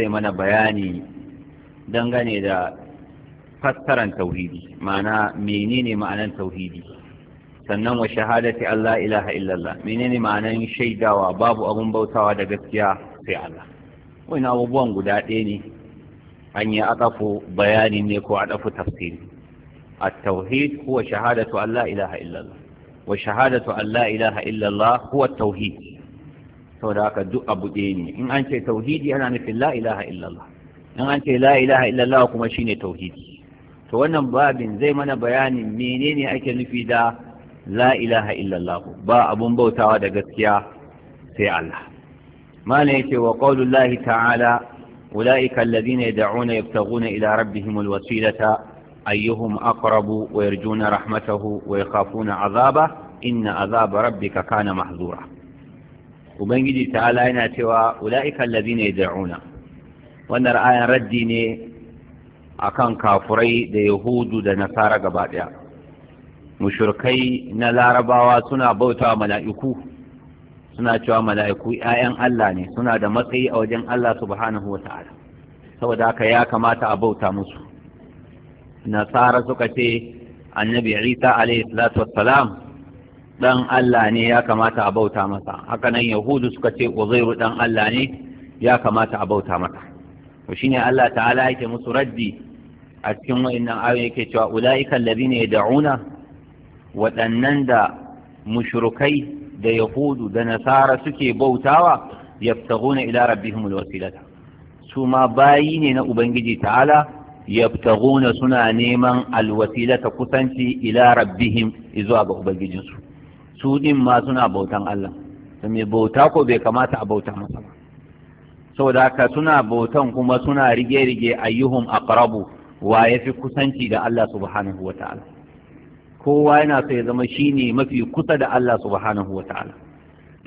zai mana bayani dangane da fassaran tauhidi ma'ana menene ma'anan tauhidi sannan wa shahadati Allah ilaha illallah menene ma'anan shaidawa babu abun bautawa da gaskiya sai Allah wani abubuwan guda ɗaya ne an yi adafu bayani ne ko ɗafu tafsiri التوحيد هو شهادة أن لا إله إلا الله وشهادة أن إله إلا الله هو التوحيد saboda haka duk abu ɗaya ne in an ce tauhidi ana nufin la ilaha illallah in an ce la ilaha illallah kuma shine tauhidi to wannan babin zai mana bayanin menene ake nufi da la ilaha illallah ba abun bautawa da gaskiya sai Allah malam yake wa qaulullahi ta'ala ulaika alladhina yad'una yabtaghuna ila rabbihim alwasilata ayyuhum aqrabu wa yarjuna rahmatahu wa yakhafuna azaba inna azaba rabbika kana mahzura ubangiji ta'ala yana cewa ula'ika da yad'una wannan ra'ayan raddi ne akan kafurai da yahudu da nasara gaba daya mushurkai na larabawa suna bauta wa mala'iku suna cewa mala'iku 'ya'yan Allah ne suna da matsayi a wajen Allah subhanahu wata'ala saboda haka ya kamata a bauta musu nasara suka ce annabi isa alaihi salatu wassalam dan Allah ne ya kamata a bauta masa haka nan yahudu suka ce uzairu dan Allah ne ya kamata a bauta masa to shine Allah ta'ala yake musu raddi a cikin wa'annan ayoyi yake cewa ulaika alladhina yad'una waɗannan da mushrikai da yahudu da nasara suke bautawa yabtaguna ila rabbihim alwasilata su ma bayi ne na ubangiji ta'ala yabtaguna suna neman alwasilata kusanci ila rabbihim izuwa ga ubangijinsu su din ma suna bautan Allah to mai bauta ko bai kamata a bauta masa ba saboda ka suna bautan kuma suna rige-rige ayyuhum aqrabu wa yafi kusanci da Allah subhanahu wata'ala kowa yana so ya zama shine mafi kusa da Allah subhanahu wata'ala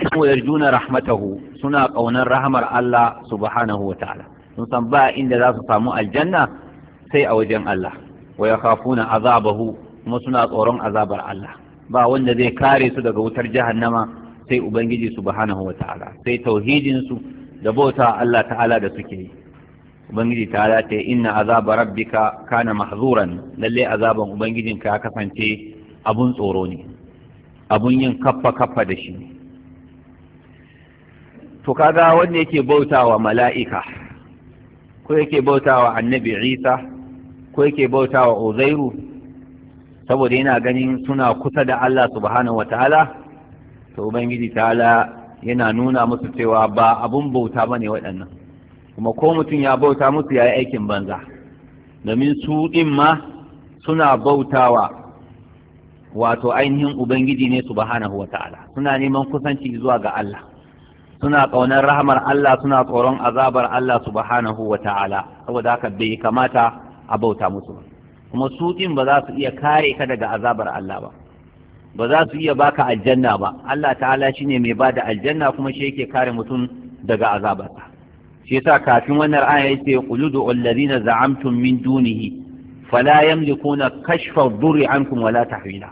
kuma yarjuna rahmatahu suna kaunar rahmar Allah subhanahu wata'ala sun san ba inda za su samu aljanna sai a wajen Allah wa yakhafuna azabahu kuma suna tsoron azabar Allah ba wanda zai kare su daga wutar jahannama sai ubangiji subhanahu wata'ala sai tauhidin su da bauta Allah ta'ala da suke yi ubangiji ta'ala ta inna azaba rabbika kana mahzuran lalle azaban ubangijin ka ya kasance abun tsoro ne abun yin kaffa kaffa da shi ne to kaga wanda yake bautawa mala'ika ko yake bautawa annabi Isa ko yake bautawa Uzairu saboda yana ganin suna kusa da Allah subhanahu ta'ala to ubangiji ta'ala yana nuna musu cewa ba abun bauta bane waɗannan kuma ko mutum ya bauta musu ya yi aikin banza domin su din ma suna bautawa wato ainihin ubangiji ne subhanahu ta'ala suna neman kusanci zuwa ga Allah suna ƙaunar rahamar Allah suna tsoron azabar Allah subhanahu ta'ala saboda haka bai kamata a bauta musu ba kuma su ɗin ba za su iya kare ka daga azabar Allah ba ba za su iya baka aljanna ba Allah ta'ala shine mai bada aljanna kuma shi yake kare mutum daga azabarsa shi yasa kafin wannan aya yace quludu allazina za'amtum min dunihi fala yamlikuna kashfa dhurri ankum wala tahwila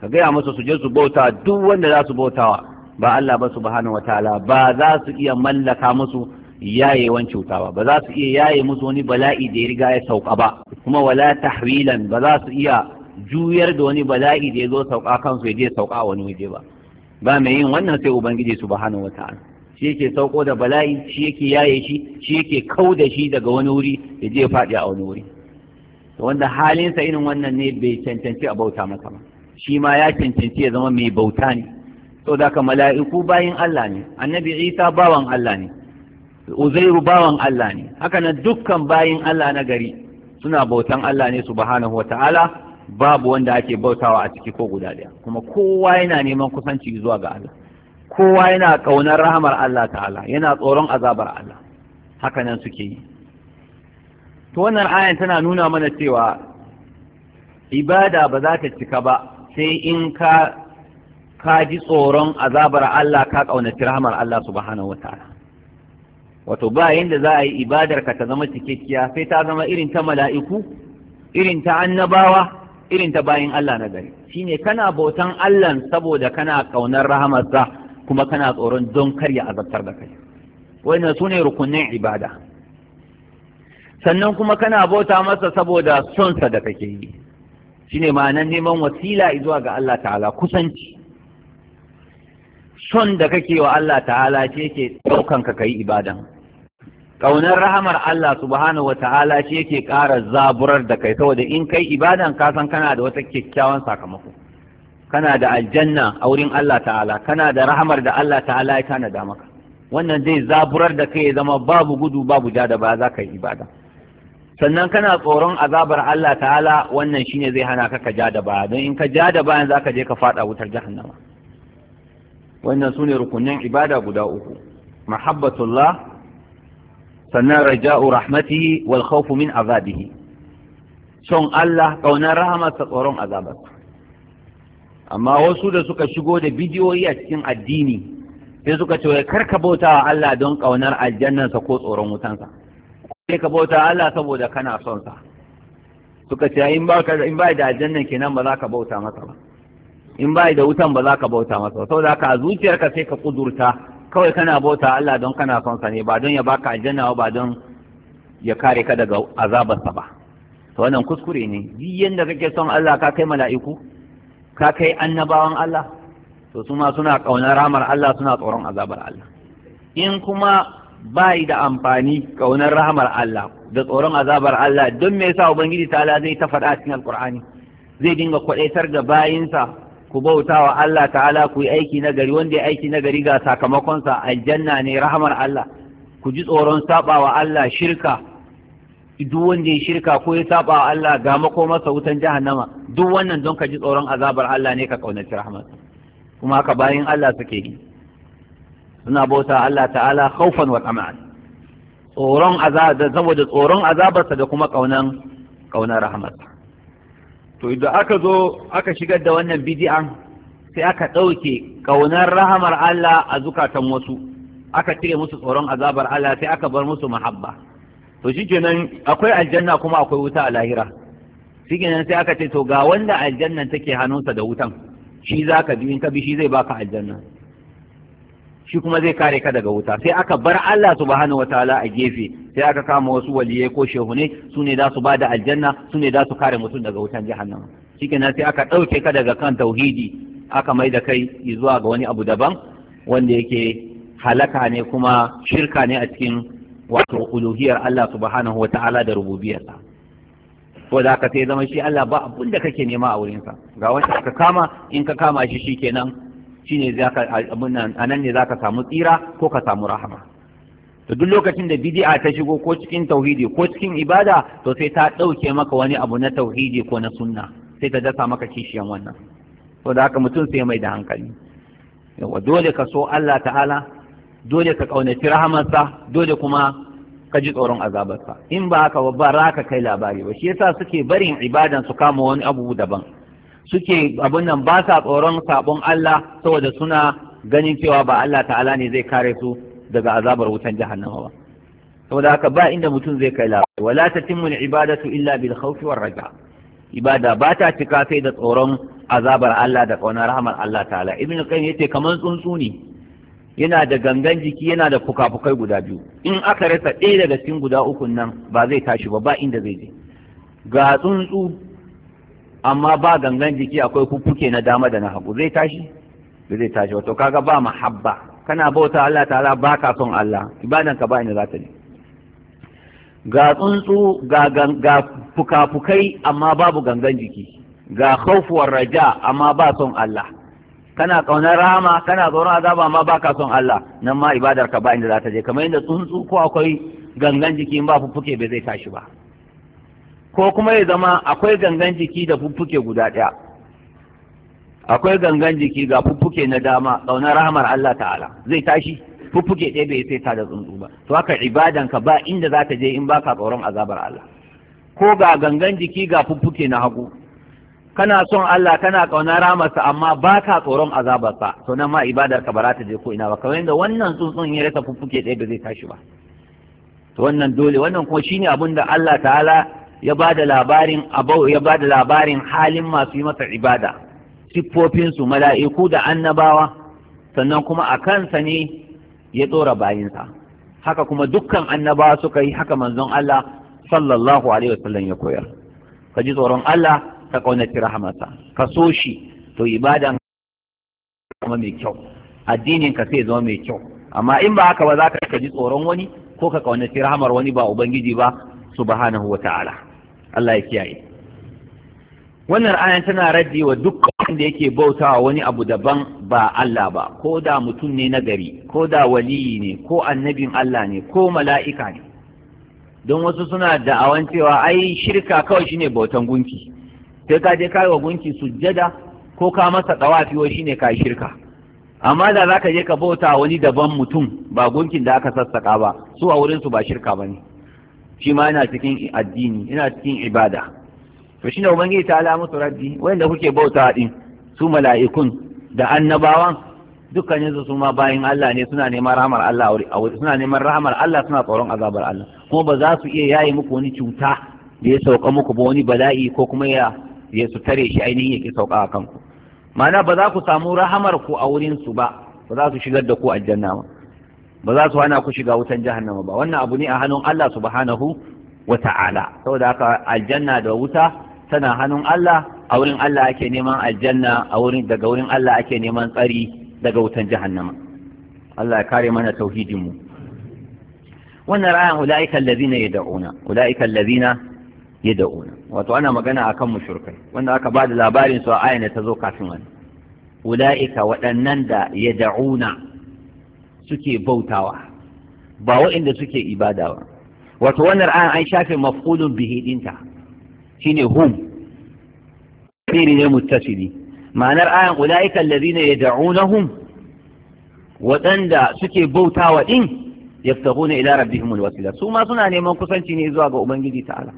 ka gaya musu su je su bauta duk wanda za su bautawa ba Allah ba subhanahu wataala ba za su iya mallaka musu yayewan cuta ba ba za su iya yaye musu wani bala'i da ya riga ya sauka ba kuma wala tahwilan ba za su iya juyar da wani bala'i da ya zo sauka kansu ya je sauka wani waje ba ba mai yin wannan sai ubangiji subhanahu wata'ala shi yake sauko da bala'i shi yake yaye shi shi yake kau da shi daga wani wuri ya je faɗi a wani wuri wanda halinsa irin wannan ne bai cancanci a bauta masa ba shi ma ya cancanci ya zama mai bauta ne saboda haka mala'iku bayin Allah ne annabi Isa bawan Allah ne uzairu bawan Allah ne haka nan dukkan bayin Allah na gari suna bautan Allah ne subhanahu wata'ala babu wanda ake bautawa a ciki ko guda ɗaya. kuma kowa yana neman kusanci zuwa ga Allah kowa yana ƙaunar rahamar Allah ta'ala yana tsoron azabar Allah haka nan suke yi to wannan ayan tana nuna mana cewa ibada ba za ta cika ba sai in ka ji tsoron azabar Allah ka ƙaunaci rahamar Allah subhanahu ta'ala wato ba yanda za a yi ibadar ka ta zama cikakkiya sai ta zama irin ta mala'iku irin ta annabawa irin ta bayin Allah na gari shine kana bautan Allah saboda kana kaunar rahamarsa kuma kana tsoron don karya ya azabtar da kai wannan sune rukunin ibada sannan kuma kana bauta masa saboda sonsa da kake yi shine ma'anar neman wasila zuwa ga Allah ta'ala kusanci son da kake wa Allah ta'ala ce ke ɗaukan ka kai ibadan ƙaunar rahamar Allah subhanahu wata'ala shi yake ƙara zaburar da kai saboda in kai ibadan ka san kana da wata kyakkyawan sakamako kana da aljanna a wurin Allah ta'ala kana da rahamar da Allah ta'ala ya tanada maka wannan zai zaburar da kai ya zama babu gudu babu ja da ba za ka yi ibada sannan kana tsoron azabar Allah ta'ala wannan shine zai hana ka ka ja da baya don in ka ja da bayan za ka je ka faɗa wutar jahannama wannan sune rukunin ibada guda uku mahabbatullah sannan raja'u rahmatihi wal khawfu min azabihi son Allah kaunar rahamarsa tsoron azabar amma wasu da suka shigo da bidiyoyi a cikin addini sai suka ce kar ka bauta wa Allah don kaunar aljannansa ko tsoron wutansa sai ka bauta Allah saboda kana son sa suka ce in ba in ba da aljannan kenan ba za ka bauta masa ba in ba da wutan ba za ka bauta masa ba saboda haka a zuciyarka sai ka kudurta kawai kana bauta Allah don kana son sa ne ba don ya baka aljanna ba don ya kare ka daga azabarsa ba to wannan kuskure ne duk yanda kake son Allah ka kai mala'iku ka kai annabawan Allah to su ma suna kaunar ramar Allah suna tsoron azabar Allah in kuma bai da amfani kaunar rahmar Allah da tsoron azabar Allah don me yasa ubangiji ta zai ta faɗa cikin alqur'ani zai dinga kwadaitar da bayinsa ku bauta wa Allah ta'ala ku yi aiki na gari wanda ya aiki na gari ga sakamakonsa aljanna ne rahamar Allah ku ji tsoron saba wa Allah shirka duk wanda ya shirka ko ya saba wa Allah ga masa wutan jahannama duk wannan don ka ji tsoron azabar Allah ne ka kaunaci rahmat kuma haka bayan Allah suke yi suna bauta Allah ta'ala khaufan wa tama'an tsoron azaba saboda tsoron azabarsa da kuma kaunan kaunar rahmat to idan aka zo aka shigar da wannan bidi'an sai aka ɗauke ƙaunar rahamar Allah a zukatan wasu aka cire musu tsoron azabar Allah sai aka bar musu mahabba to shikenan akwai aljanna kuma akwai wuta a lahira shikenan sai aka ce to ga wanda aljannan take hannunsa da wutan shi zaka bi in ka bi shi zai baka aljanna shi kuma zai kare ka daga wuta sai aka bar Allah subhanahu wataala a gefe sai aka kama wasu waliye ko ne su ne za su ba da aljanna su ne za su kare mutum daga wutan jahannama shikenan sai aka ɗauke ka daga kan tauhidi aka mai da kai zuwa ga wani abu daban wanda yake halaka ne kuma shirka ne a cikin wato uluhiyar Allah subhanahu wataala da rububiyarsa ko da ka sai zama shi Allah ba abin da kake nema a wurinsa ga wanda ka kama in ka kama shi shikenan shine zaka nan ne zaka samu tsira ko ka samu rahama to duk lokacin da bid'a ta shigo ko cikin tauhidi ko cikin ibada to sai ta ɗauke maka wani abu na tauhidi ko na sunna sai ta dasa maka kishiyan wannan to da haka mutum sai mai da hankali yawa dole ka so Allah ta'ala dole ka kaunaci rahamarsa dole kuma ka ji tsoron azabarsa in ba haka ba ra ka kai labari ba shi yasa suke barin ibadan su kama wani abu daban suke abin nan ba sa tsoron sabon Allah saboda suna ganin cewa ba Allah ta'ala ne zai kare su daga azabar wutan jahannama ba saboda haka ba inda mutum zai kai labari wala tatimmu ibadatu illa bil khawfi war raja ibada ba ta cika sai da tsoron azabar Allah da kaunar rahmar Allah ta'ala ibnu qayyim yace kamar tsuntsu ne yana da gangan jiki yana da fukafukai guda biyu in aka rasa ɗaya daga cikin guda uku nan ba zai tashi ba ba inda zai je ga tsuntsu amma ba gangan jiki akwai kuke na dama da na hagu zai tashi ba zai tashi wato kaga ba mahabba kana bauta Allah ta'ala ba ka son Allah ibadan ka ba inda za ta ne ga tsuntsu ga ga fuka-fukai amma babu gangan jiki ga khaufuwar raja amma ba son Allah kana kaunar rahama kana zauna azaba amma ba ka son Allah nan ma ibadar ka ba inda za ta je kamar yadda tsuntsu ko akwai gangan jiki in ba fuke bai zai tashi ba ko kuma ya zama akwai gangan jiki da fuffuke guda ɗaya akwai gangan jiki ga fuffuke na dama ƙaunar rahamar Allah ta'ala zai tashi fuffuke ɗaya bai sai ta da tsuntsu ba to haka ka ba inda za ta je in baka tsoron azabar Allah ko ga gangan jiki ga fuffuke na hagu kana son Allah kana ƙaunar ramarsa amma ba ka tsoron azabarsa to nan ma ibadar ka ba ta je ko ina ba kamar yadda wannan tsuntsun ya rasa fuffuke ɗaya bai zai tashi ba to wannan dole wannan kuma shine abin da Allah ta'ala ya ba da labarin abau ya ba da labarin halin masu yi masa ibada siffofinsu mala'iku da annabawa sannan kuma a kansa ne ya tsora bayinsa haka kuma dukkan annabawa suka yi haka manzon Allah sallallahu alaihi wasallam ya koyar ka ji tsoron Allah ka kaunaci rahamarsa ka so shi to ibadan kuma mai kyau addinin ka sai zama mai kyau amma in ba haka ba za ka ji tsoron wani ko ka kaunaci rahamar wani ba ubangiji ba subhanahu wa ta'ala Allah ya kiyaye wannan ayan tana raddi wa duk wanda yake bautawa wani abu daban ba Allah ba ko da mutum ne na gari ko da waliyi ne ko annabin Allah ne ko mala'ika ne don wasu suna awan cewa ai shirka kawai shine bautan gunki sai ka je kai wa gunki sujjada ko ka masa dawafi wai shine ka shirka amma da zaka je ka bauta wani daban mutum ba gunkin da aka sassaka ba su a wurin su ba shirka bane shi ma yana cikin addini yana cikin ibada to shine ubangiji ta ala musu raddi wanda kuke bauta din su mala'ikun da annabawan dukkanin su ma bayin Allah ne suna neman rahmar Allah suna neman rahmar Allah suna tsoron azabar Allah kuma ba za su iya yayi muku wani cuta da ya sauka muku ba wani bala'i ko kuma ya ya su tare shi ainihin yake sauka a kanku ma'ana ba za ku samu rahamar ku a wurin su ba ba za su shigar da ku aljanna ba ba za su hana ku shiga wutan jahannama ba wannan abu ne a hannun Allah subhanahu wa ta'ala saboda haka aljanna da wuta tana hannun Allah a wurin Allah ake neman aljanna a wurin daga wurin Allah ake neman tsari daga wutan jahannama Allah ya kare mana tauhidin mu wannan ra'ayin ulaika allazina yad'una ulaika allazina yad'una wato ana magana akan mushrikai wanda aka bada labarin su a ayan da ta zo kafin wannan ulaika waɗannan da yad'una suke bautawa ba waɗanda suke ibada wato wannan ayan an shafe mafulun bihi dinta shine hum Kiri ne muttasili ma'anar ayan ulaika allazina yad'unahum waɗanda suke bautawa din yaftaghuna ila rabbihim alwasila su ma suna neman kusanci ne zuwa ga ubangiji ta'ala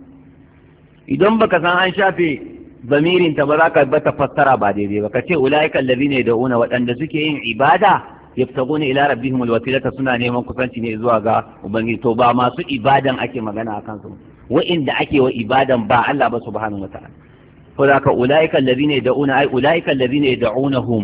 idan baka san an shafe zamirin ta ba za ka bata fassara ba daidai ba ka ce ulaika allazina yad'una waɗanda suke yin ibada yabtaguna ila rabbihim alwasilata suna neman kusanci ne zuwa ga ubangiji to ba masu ibadan ake magana akan su wa'inda ake wa ibadan ba Allah ba subhanahu wataala ko da ka ulaika allazina yad'una ay ulaika allazina yad'unahum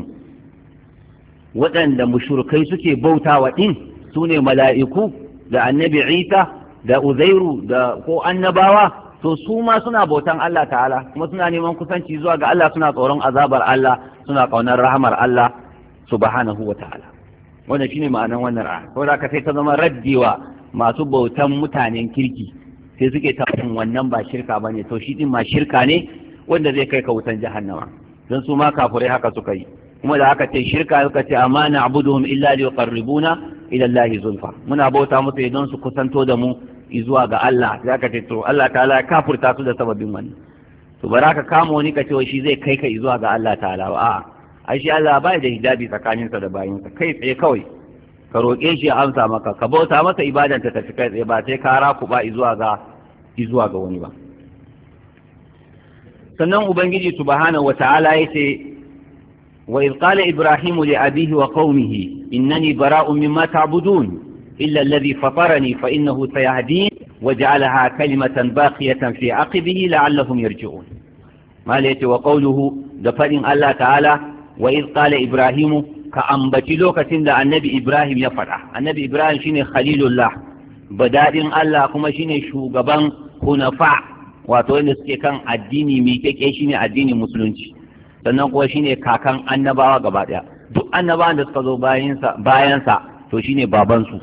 waɗanda mushrikai suke bautawa din sune mala'iku da annabi Isa da Uzairu da ko annabawa to su ma suna bautan Allah ta'ala kuma suna neman kusanci zuwa ga Allah suna tsoron azabar Allah suna ƙaunar rahamar Allah subhanahu wa ta'ala wannan shine ma'anan wannan a ko da ka sai ta zama raddewa masu bautan mutanen kirki sai suke ta wannan ba shirka bane to shi din ma shirka ne wanda zai kai ka wutan jahannama dan su ma kafirai haka suka yi kuma da haka ce shirka suka ce amma abuduhum illa yuqarribuna ila Allah zulfa muna bauta musu idan su kusanto da mu zuwa ga Allah sai aka ce to Allah ta'ala kafurta su da sababin wannan to baraka kama wani ka ce shi zai kai ka zuwa ga Allah ta'ala a'a ai shi Allah ba da hijabi tsakaninsa da bayinsa kai tsaye kawai ka roƙe shi ya amsa maka ka bauta masa ibadan ta tafi kai tsaye ba sai ka rakuba zuwa ga zuwa ga wani ba sannan ubangiji subhanahu wata'ala yace wa idh qala ibrahimu li abihi wa qaumihi innani bara'un mimma ta'budun illa alladhi fatarani fa innahu sayahdin وجعلها كلمة باقية في عقبه لعلهم يرجعون ما ليت وقوله دفن الله تعالى wa iz qala ibrahimu ka ambaci lokacin da annabi ibrahim ya faɗa annabi ibrahim shine khalilullah badadin Allah kuma shine shugaban hunafa wato wanda suke kan addini mai keke shine addinin musulunci sannan kuwa shine kakan annabawa gaba daya duk annabawan da suka zo bayansa bayansa to shine babansu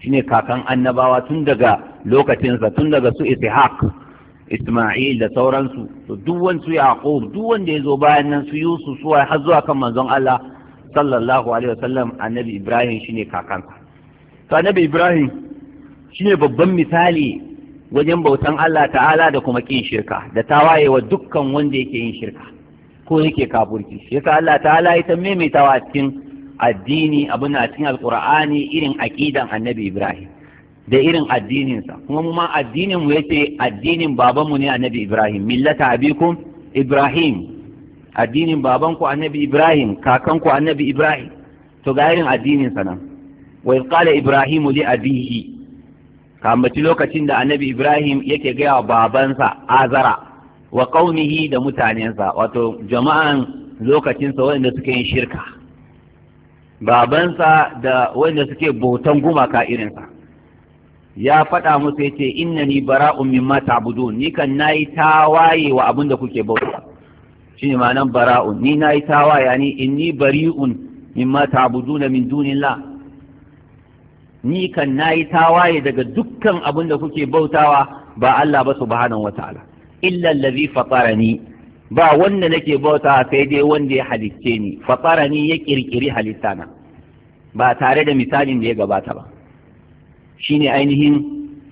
shine kakan annabawa tun daga lokacinsa tun daga su ishaq Isma'il da sauransu to duk wansu Yaqub duk wanda ya zo bayan nan su Yusuf suwa har zuwa kan manzon Allah sallallahu alaihi wasallam annabi Ibrahim shine kakansa to annabi Ibrahim shine babban misali wajen bautan Allah ta'ala da kuma kin shirka da wa dukkan wanda yake yin shirka ko yake kafurci shi yasa Allah ta'ala ya ta maimaitawa cikin addini abin a cikin alqur'ani irin aqidan annabi Ibrahim da irin addininsa kuma mu ma addinin mu yace addinin babanmu ne annabi Ibrahim millata abikum Ibrahim addinin babanku annabi Ibrahim kakanku annabi Ibrahim to ga irin addininsa nan wa qala Ibrahim li abihi kamaci lokacin da annabi Ibrahim yake gaya wa babansa azara wa qaumihi da mutanensa wato jama'an lokacinsa waɗanda suke yin shirka babansa da waɗanda suke bautan gumaka irinsa ya faɗa musu yace innani bara'un mimma ta'budun ni kan na yi tawaye wa abin da kuke bauta ne ma'anan bara'un ni nayi tawaye ni in ni bari un min la ni kan na yi tawaye daga dukkan abin da kuke bautawa ba Allah ba subhanahu wataala illa allazi fatarani ba wanda nake bauta sai dai wanda ya halicce ni fatarani ya kirkiri halittana ba tare da misalin da ya gabata ba shine ainihin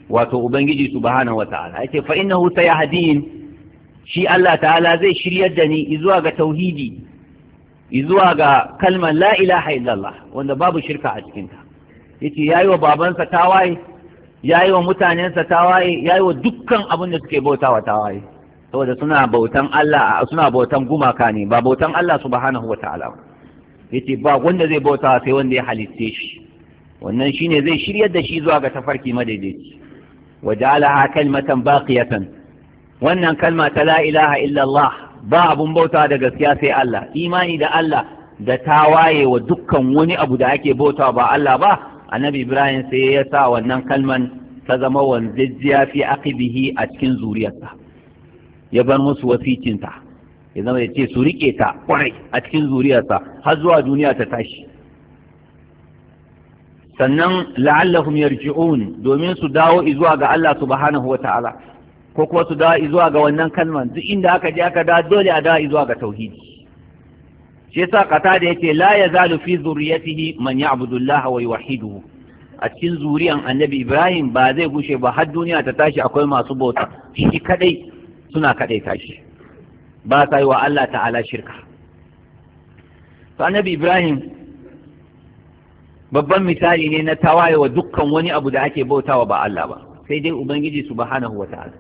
wato ubangiji subhanahu wata'ala yace fa innahu sayahdin shi Allah ta'ala zai shiryar da ni zuwa ga tauhidi zuwa ga kalmar la ilaha illallah wanda babu shirka a cikinta yace yayi wa babansa tawaye yayi wa mutanensa tawaye yayi wa dukkan abin da suke bautawa tawaye saboda suna bautan Allah suna bautan gumaka ne ba bautan Allah subhanahu wata'ala yace ba wanda zai bautawa sai wanda ya halitte shi wannan shine zai shiryar da shi zuwa ga tafarki madaidaici wa ja'alaha kalmatan baqiyatan wannan kalma ta la ilaha illa Allah ba abun bauta da gaskiya sai Allah imani da Allah da tawaye wa dukkan wani abu da ake bauta ba Allah ba annabi Ibrahim sai ya sa wannan kalman ta zama wanzajjiya fi aqibihi a cikin zuriyarsa ya bar musu wasicinta ya zama ya ce su riƙe ta kwarai a cikin zuriyarsa har zuwa duniya ta tashi sannan la'allahum yarji'un domin su dawo zuwa ga Allah subhanahu wa ta'ala ko kuma su dawo zuwa ga wannan kalman duk inda aka je aka dawo dole a dawo zuwa ga tauhidi shi yasa kata da yake la yazalu fi zurriyatihi man ya'budu Allah wa yuwahhiduhu a cikin zuriyan Annabi Ibrahim ba zai gushe ba har duniya ta tashi akwai masu bauta shi kadai suna kadai tashi ba sa yi wa Allah ta'ala shirka to Annabi Ibrahim babban misali ne na tawayewa dukkan wani abu da ake bautawa ba Allah ba sai dai ubangiji subhanahu ta'ala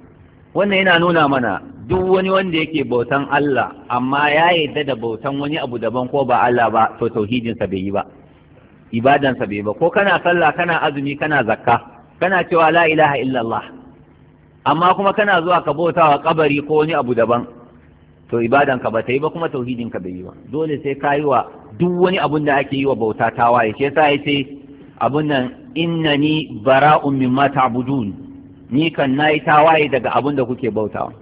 wannan yana nuna mana duk wani wanda yake bautan Allah amma ya yarda da bautan wani abu daban ko ba Allah ba to tauhidinsa bai yi ba sa bai ba ko kana sallah kana azumi kana zakka kana cewa la ilaha illallah amma kuma kana zuwa ka bautawa kabari ko wani abu daban to ka ba ta yi ba kuma tauhidinka bai yi ba dole sai ka yi wa duk wani abun da ake yi wa bauta tawaye shi yasa yace abun nan innani bara'un mimma ta'budun ni kan nayi tawaye daga abun da kuke bautawa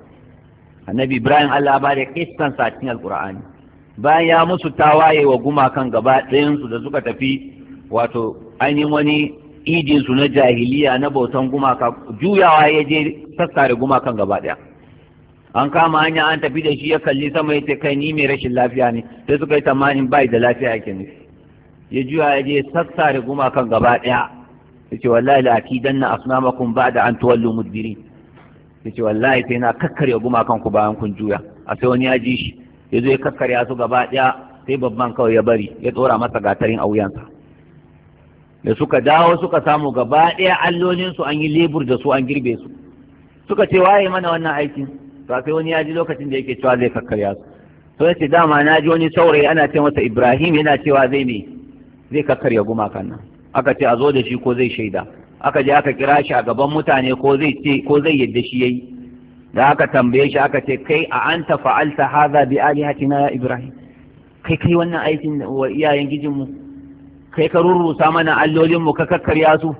annabi ibrahim Allah ba da kissan sa cikin alqur'ani bayan ya musu tawaye wa gumakan gaba ɗayan su da suka tafi wato ainihin wani idin su na jahiliya na bautan gumaka juyawa ya je sassare gumakan gaba ɗaya an kama hanya an tafi da shi ya kalli sama ya ce kai ni mai rashin lafiya ne sai suka yi tamanin bai da lafiya yake ne ya juya ya je sassa da gumakan gaba ɗaya ya ce wallahi la akidanna asnamakum da an tuwallu mudbirin ya ce wallahi sai na kakkarya gumakan ku bayan kun juya a sai wani ya ji shi ya zo ya kakkarya su gaba ɗaya sai babban kawai ya bari ya tsora masa gatarin a wuyansa da suka dawo suka samu gaba ɗaya allolinsu an yi lebur da su an girbe su suka ce waye mana wannan aikin to sai wani ya ji lokacin da yake cewa zai kakkarya su to yace dama na ji wani saurayi ana ce masa Ibrahim yana cewa zai ne zai kakkarya gumakan nan aka ce a zo da shi ko zai shaida aka je aka kira shi a gaban mutane ko zai ce ko zai yadda shi yayi da aka tambaye shi aka ce kai a anta fa'alta hadha bi alihatina ya Ibrahim kai kai wannan aikin wa iyayen gijinmu kai ka rurrusa mana allolinmu ka kakkarya su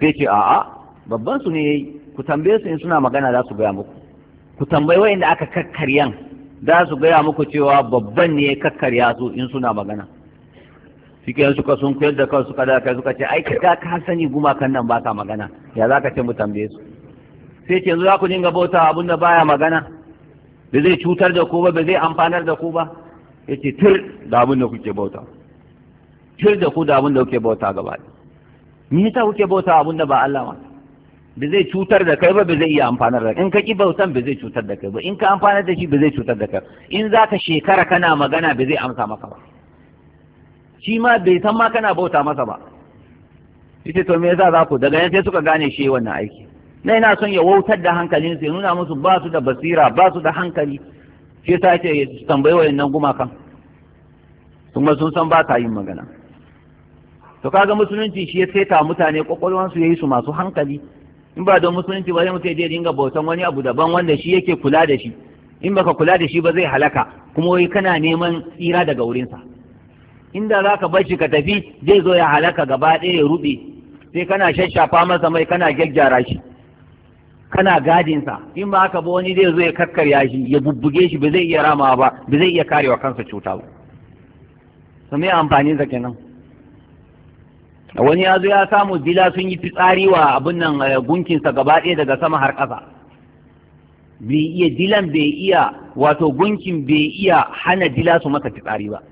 sai ce a'a babban su ne yayi ku tambaye su in suna magana za su gaya muku ku tambayi inda aka kakkaryan za su gaya muku cewa babban ne ya kakkarya su in suna magana yin suka sun kuyar da suka da kai suka ce ai ka ka sani gumakan nan ba ka magana ya za ka ce mu tambaye su sai ce yanzu za ku dinga bauta abin da baya magana da zai cutar da ku ba ba zai amfanar da ku ba ya ce tir da abin da kuke bauta tir da ku da abin da kuke bauta gaba me yasa kuke bauta abin da ba Allah ba ba zai cutar da kai ba ba zai iya amfanar da kai in ka ki bautan ba zai cutar da kai ba in ka amfanar da shi ba zai cutar da kai in za ka shekara kana magana ba zai amsa maka ba shi ma bai san ma kana bauta masa ba yace to me yasa za ku daga nan sai suka gane shi wannan aiki na ina son ya wautar da hankalin su ya nuna musu ba su da basira ba su da hankali shi yasa yace tambayi wayannan gumakan kuma sun san ba ka yin magana to kaga musulunci shi ya saita mutane kwakwalwansu ya yi su masu hankali in ba don musulunci ba zai mutum je dinga bautan wani abu daban wanda shi yake kula da shi in baka kula da shi ba zai halaka kuma wai kana neman tsira daga wurinsa inda za ka bar shi ka tafi zai zo ya halaka gaba ɗaya ya rube, sai kana shashafa masa mai kana gyaggyara shi kana gadinsa in ba haka ba wani zai zo ya kakkarya shi ya bubbuge shi ba zai iya ramawa ba ba zai iya karewa kansa cuta ba to me amfanin sa kenan wani ya zo ya samu dila sun yi fitsari wa abin nan eh, gunkinsa gaba ɗaya daga sama har ƙasa bai iya dilan bai iya wato gunkin bai iya hana dila su masa fitsari ba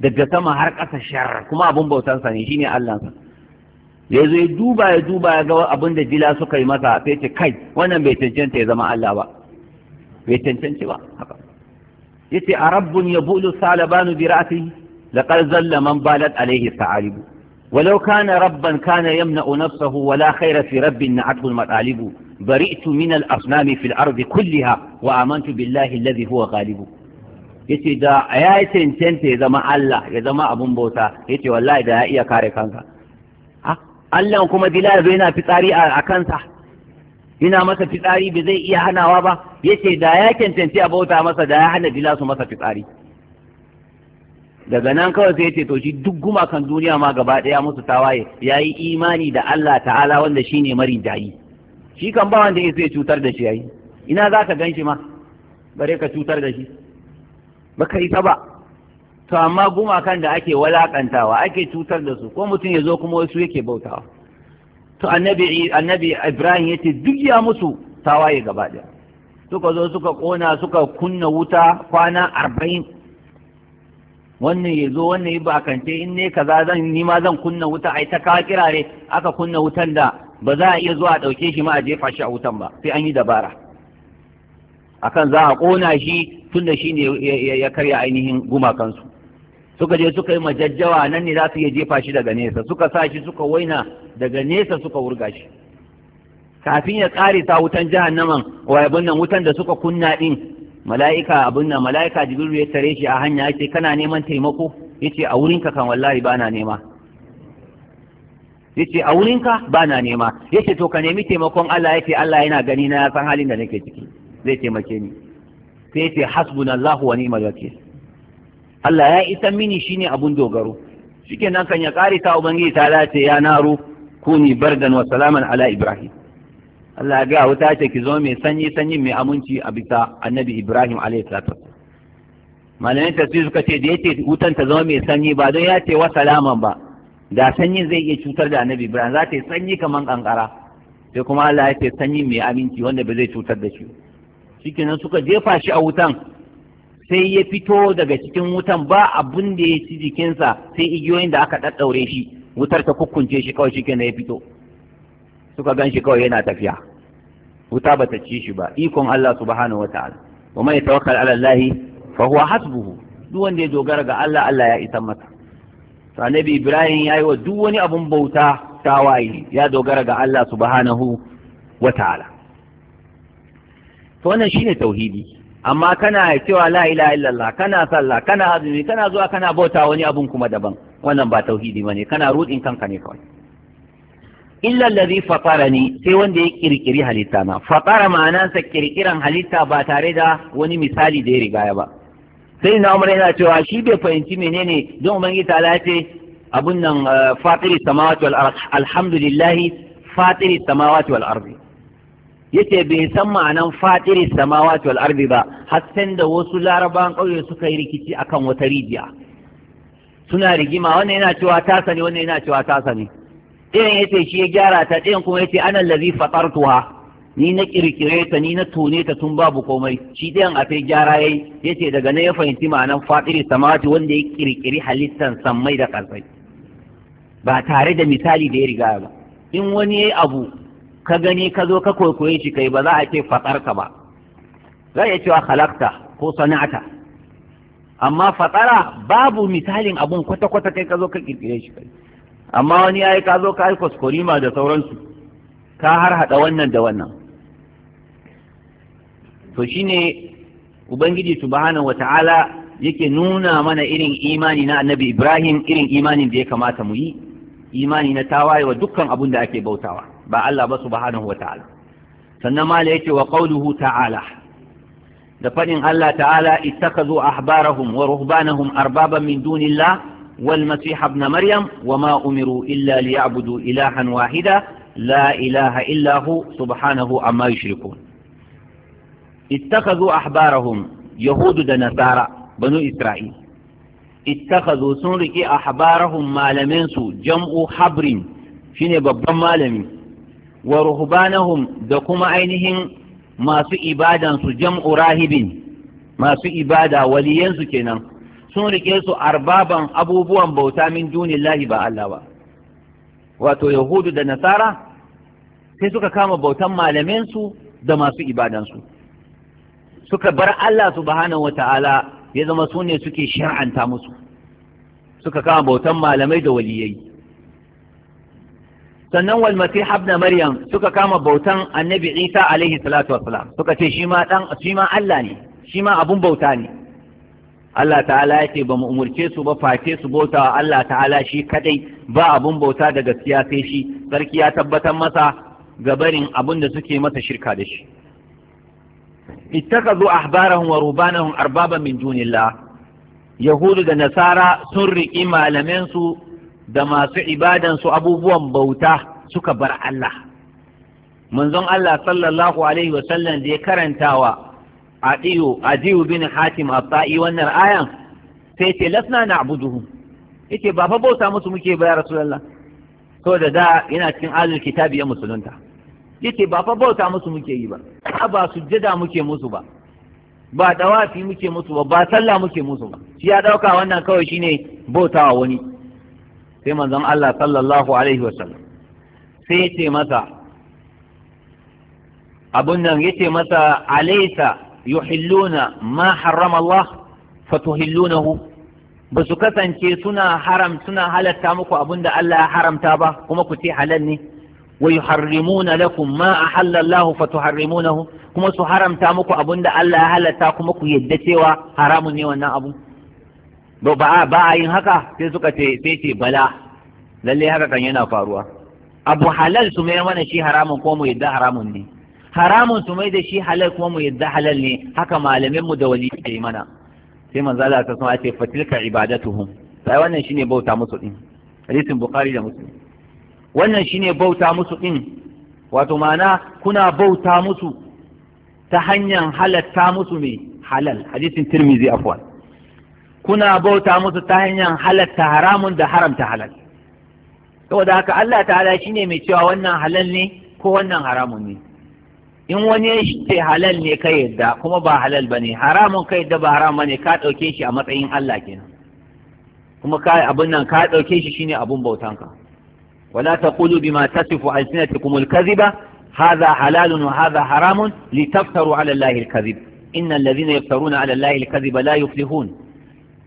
daga sama har ƙasa shar kuma abin bautansa ne shine Allah sa ya zo ya duba ya duba ya ga abin da dila suka yi masa sai ce kai wannan bai cancanta ya zama Allah ba bai cancanci ba haka yace a rabbun ya bulu salabanu bi ra'si laqad zalla man balat alaihi sa'alibu ولو كان ربا كان يمنع نفسه ولا خير في رب نعته المطالب برئت من الأصنام في الأرض كلها وآمنت بالله الذي هو غالب yace da ya yi cancanta ya zama Allah ya zama abun bauta ya ce wallahi da ya iya kare kanka Allah kuma dila yazo yana fitsari a kansa ina masa fitsari ba zai iya hanawa ba yace da ya cancanci a bauta masa da ya hana dila su masa fitsari daga nan kawai sai ya ce to shi duk gumakan duniya ma gaba ɗaya musu tawaye ya yi imani da Allah ta'ala wanda shi ne mari jayi shi kan ba wanda ya sai cutar da shi yayi ina za ka gan shi ma bare ka cutar da shi ba ka isa ba to amma gumakan da ake walakantawa ake cutar da su ko mutum ya zo kuma wasu yake bautawa to annabi annabi Ibrahim yace duk ya musu tawaye gaba ɗaya suka zo suka kona suka kunna wuta kwana arba'in wannan ya zo wannan ya bakance in ne kaza zan ni ma zan kunna wuta ai ta kawo kirare aka kunna wutan da ba za a iya zuwa a ɗauke shi ma a jefa shi a wutan ba sai an yi dabara akan za a ƙona shi tun da shi ne ya karya ainihin gumakansu suka je suka yi majajjawa nan ne za su iya jefa shi daga nesa suka sa shi suka waina daga nesa suka wurga shi kafin ya ƙare ta wutan jahannaman wa nan wutan da suka kunna ɗin mala'ika abin nan mala'ika jibril ya tare shi a hanya yake kana neman taimako yace a wurinka kan wallahi bana nema yace a wurinka bana nema yace to ka nemi taimakon Allah yace Allah yana gani na san halin da nake ciki zai taimake ni sai yace hasbunallahu wa ni'mal wakil Allah ya isa mini shine abun dogaro shikenan kan ya karita ubangiji ta lace ya naru kuni bardan wa salaman ala ibrahim Allah ya gaya wuta ce ki zama mai sanyi sanyi mai aminci a bisa annabi Ibrahim alayhi salatu malamin tafsir suka ce da yake wutan ta zama mai sanyi ba don ya ce wa salaman ba da sanyi zai iya cutar da annabi Ibrahim za ta yi sanyi kamar kankara sai kuma Allah ya ce sanyi mai aminci wanda ba zai cutar da shi shikenan suka jefa shi a wutan sai ya fito daga cikin wutan ba abun da ya ci jikinsa sai igiyoyin da aka daddaure shi wutar ta kukkunce shi kawai shikenan ya fito suka gan shi kawai yana tafiya wuta ba ta ci shi ba ikon Allah subhanahu wa ta'ala wa man yatawakkal ala Allah fa huwa hasbuhu duk wanda ya dogara ga Allah Allah ya isa masa to annabi Ibrahim yayi wa duk wani abun bauta tawaye ya dogara ga Allah subhanahu wa ta'ala to wannan shine tauhidi amma kana cewa la ilaha illallah kana sallah kana azumi kana zuwa kana bauta wani abun kuma daban wannan ba tauhidi bane kana rudin kanka ne kawai illa allazi ne sai wanda ya kirkiri halitta na fatara sa kirkiran halitta ba tare da wani misali da ya riga ya ba sai na umar yana cewa shi bai fahimci menene don ubangiji ta ce abun nan eh, fatiri samawati wal ard alhamdulillah fatiri samawati wal ard yace bai san ma'anan fatiri samawati wal ard ba har da wasu larabawan kauye suka yi rikici akan wata rijiya suna rigima wannan yana cewa ta sani wannan yana cewa ta sani ɗayan ya ce shi ya gyara ta ɗayan kuma ya yace ana faɗar fatartuha ni na kirkire ta ni na tone ta tun babu komai shi ɗayan a ta gyara yayi yace daga nan ya fahimci ma'anar fatiri samawati wanda ya kirkiri halittar sammai da ƙarfai ba tare da misali da ya riga ba in wani yayi abu ka gani ka zo ka kwaikwaye shi kai ba za a ce fatarka ba za a iya cewa halakta ko sana'ata amma fatara babu misalin abun kwata-kwata kai ka zo ka kirkire shi kai amma wani ya yi ka zo ka yi kwaskwarima da sauransu ka har haɗa wannan da wannan to shi ne ubangiji subhanahu wata'ala yake nuna mana irin imani na annabi ibrahim irin imanin da ya kamata mu yi imani na tawaye wa dukkan abin da ake bautawa ba Allah ba subhanahu wata'ala sannan mala yake wa qauluhu ta'ala da faɗin Allah ta'ala ittakhadhu ahbarahum wa ruhbanahum arbaban min dunillah والمسيح ابن مريم وما أمروا إلا ليعبدوا إلها واحدا لا إله إلا هو سبحانه عما يشركون اتخذوا أحبارهم يهود نصارى بنو إسرائيل اتخذوا سنرك أحبارهم مالمنسو جمع حبر شنو ببا مالمي ورهبانهم دكما عينهم ما سو إبادا جمع راهب ما سو إبادة ولينسو كنان sun rike su arbaban abubuwan bauta min lahi ba Allah ba wato yahudu da nasara sai suka kama bautan malaminsu da masu ibadansu suka bar Allah subhanahu wata'ala ya zama su ne suke shar'anta musu suka kama bautan malamai da waliyai sannan wal masih ibn maryam suka kama bautan annabi isa alaihi salatu wassalam suka ce shi ma dan shi ma Allah ne shi ma abun bauta ne Allah ta'ala ya ce ba mu umurce su ba face su bauta wa Allah ta'ala shi kadai ba abun bauta da gaskiya sai shi sarki ya tabbatar masa gabarin abun da suke masa shirka da shi ittakazu ahbarahum wa rubanahum arbaba min dunillah yahudu da nasara sun riƙi malaman su da masu ibadan su abubuwan bauta suka bar Allah manzon Allah sallallahu alaihi wa sallam da ya karantawa adiyu adiyu bin hatim abta'i wannan ayan sai ce lasna na'buduhum yace ba fa bauta musu muke ba ya rasulullah to da da yana cikin alul kitabi ya musulunta yace ba fa bauta musu muke yi ba ba sujjada muke musu ba ba dawafi muke musu ba ba sallah muke musu ba shi ya dauka wannan kawai shine bautawa wani sai manzon Allah sallallahu alaihi wasallam sai ya ce masa abun nan ya ce masa alaisa yuhilluna ma harrama Allah fatuhillunahu ba su kasance suna haram suna halatta muku abinda Allah ya haramta ba kuma ku ce halal ne wa yuharrimuna lakum ma ahalla Allah fatuharrimunahu kuma su haramta muku abinda Allah ya halatta kuma ku yadda cewa haramun ne wannan abu ba ba a yin haka sai suka ce sai ce bala lalle haka kan yana faruwa abu halal su mai mana shi haramun ko mu yadda haramun ne haramun su mai da shi halal kuma mu yadda halal ne haka malamin mu da wali ke mana sai man zala ta sama ce fatilka ibadatuhum sai wannan shine bauta musu din hadisin bukhari da muslim wannan shine bauta musu din wato ma'ana kuna bauta musu ta hanyar halatta musu mai halal hadisin tirmizi afwan kuna bauta musu ta hanyar halatta haramun da haramta halal saboda haka Allah ta'ala shine mai cewa wannan halal ne ko wannan haramun ne in wani ya ce halal ne ka yadda kuma ba halal ba ne haramun ka yadda ba haram ne ka ɗauke shi a matsayin Allah kenan kuma ka abin nan ka ɗauke shi shine abun bautanka wala taqulu bima tasifu alsinatukum alkaziba hadha halalun wa hadha haramun litaftaru ala allahi alkazib innal ladhina yaftaruna ala allahi alkaziba la yuflihun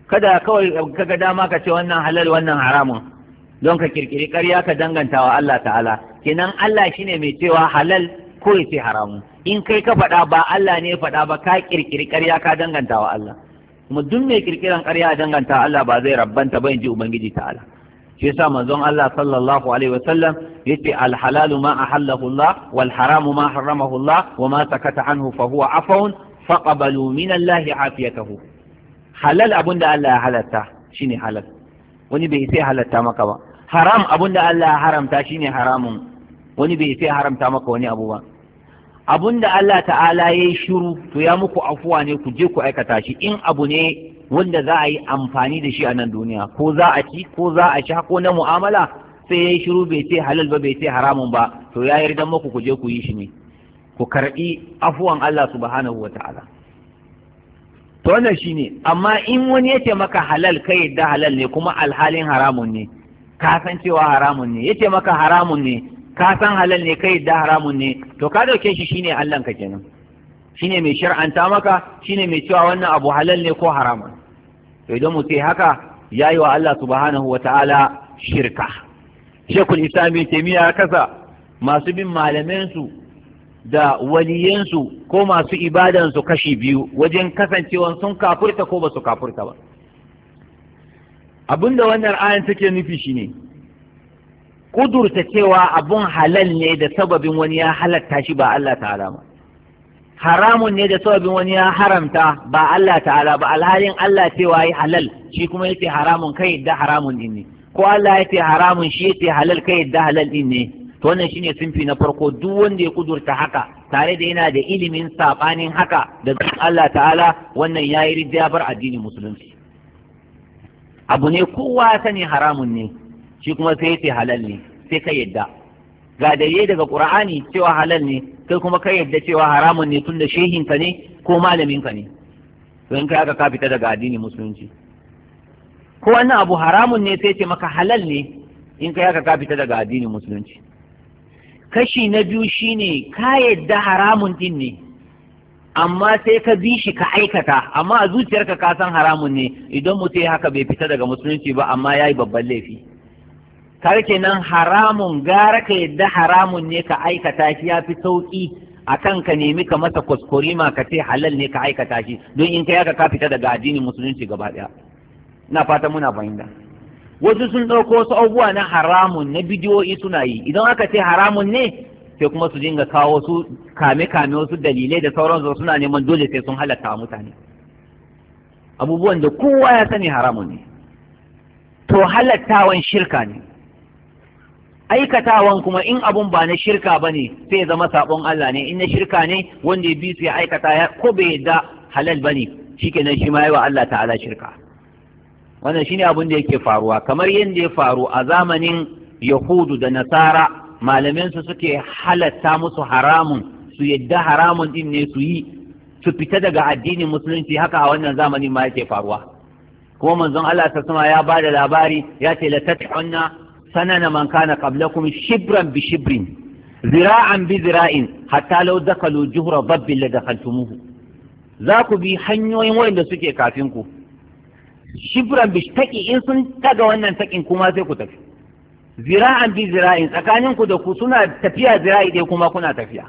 kada kawai kaga dama ka ce wannan halal wannan haramun don ka kirkiri ƙarya ka danganta wa Allah ta'ala kenan Allah shine mai cewa halal ko sai ce haramun in kai ka faɗa ba Allah ne ya faɗa ba ka kirkiri ƙarya ka danganta wa Allah kuma duk mai kirkiran ƙarya danganta wa Allah ba zai rabbanta ba in ji ubangiji ta'ala shi yasa manzon Allah sallallahu alaihi wa sallam yace al halalu ma ahallahu Allah wal haramu ma haramahu Allah wa ma sakata anhu fa huwa afawun faqabalu min Allah afiyatahu halal abunda Allah ya halatta shine halal wani bai sai halatta maka ba haram abunda Allah ya haramta shine haramun wani bai sai haramta maka wani abu ba abun da Allah ta'ala ya yi shiru to ya muku afuwa ne ku je ku aikata shi in abu ne wanda za a yi amfani da shi a nan duniya ko za a ci ko za a sha ko na mu'amala sai ya yi shiru bai sai halal ba bai sai haramun ba to ya yarda muku ku je ku yi shi ne ku karɓi afuwan Allah subhanahu wa ta'ala to wannan ne. amma in wani ce maka halal kai da halal ne kuma alhalin haramun ne ka cewa haramun ne ya ce maka haramun ne ka san halal ne kai da haramun ne to ka dauke shi shine Allah ka kenan shine mai shar'anta maka shine mai cewa wannan abu halal ne ko haramun to idan mu sai haka yayi wa Allah subhanahu wata'ala shirka shekul mai taimiyya kasa masu bin su da waliyansu ko masu su kashi biyu wajen kasancewa sun kafurta ko ba su kafurta ba abinda wannan ayan take nufi shine kudurta cewa abun halal ne da sababin wani ya halatta shi ba Allah ta'ala ba haramun ne da sababin wani ya haramta ba Allah ta'ala ba alhalin Allah cewa yi halal shi kuma yace haramun kai da haramun din ne ko Allah yace haramun shi yace halal kai da halal din ne to wannan shine sunfi na farko duk wanda ya kudurta haka tare da yana da ilimin saɓanin haka da Allah ta'ala wannan yayi yi bar addinin musulunci abu ne kowa sani haramun ne shi kuma sai yace halal ne sai ka yadda ga dalilai daga qur'ani cewa halal ne kai kuma ka yadda cewa haramun ne tunda shehin ka ne ko malamin ka ne to in kai aka ka fita daga addinin musulunci ko wannan abu haramun ne sai ce maka halal ne in kai aka ka fita daga addinin musulunci kashi na biyu shine ka yadda haramun din ne amma sai ka bi shi ka aikata amma a zuciyarka ka san haramun ne idan mutum haka bai fita daga musulunci ba amma ya yi babban laifi kare nan haramun gara ka yadda haramun ne ka aikata shi ya fi sauƙi a kan ka nemi ka masa kuskurima ka ce halal ne ka aikata shi don in ka yaka ka fita daga addinin musulunci gaba ɗaya na fata muna fahimta wasu sun ɗauko wasu abubuwa na haramun na bidiyoyi suna yi idan aka ce haramun ne sai kuma su dinga kawo su kame kame wasu dalilai da sauransu suna neman dole sai sun halatta mutane abubuwan da kowa ya sani haramun ne to halattawan shirka ne aikatawan kuma in abun ba na shirka ba ne sai zama sabon Allah ne in na shirka ne wanda ya bi su ya aikata ya ko bai da halal ba ne kenan shi ma yawa Allah ta'ala shirka wannan shi ne abun da yake faruwa kamar yadda ya faru a zamanin yahudu da nasara malamin su suke halatta musu haramun su yadda haramun din ne su yi su fita daga addinin musulunci haka a wannan zamanin ma yake faruwa kuma manzon Allah ta sama ya ba da labari ya ce la tat'unna sanana man na qablakum shibran bi shibrin zira'an bi zira'in hatta law dakalu juhra dabbin la dakaltumuhu za ku bi hanyoyin wanda suke kafin ku shibran bi in sun daga wannan takin kuma sai ku tafi zira'an bi zira'in tsakanin ku da ku suna tafiya zira'i dai kuma kuna tafiya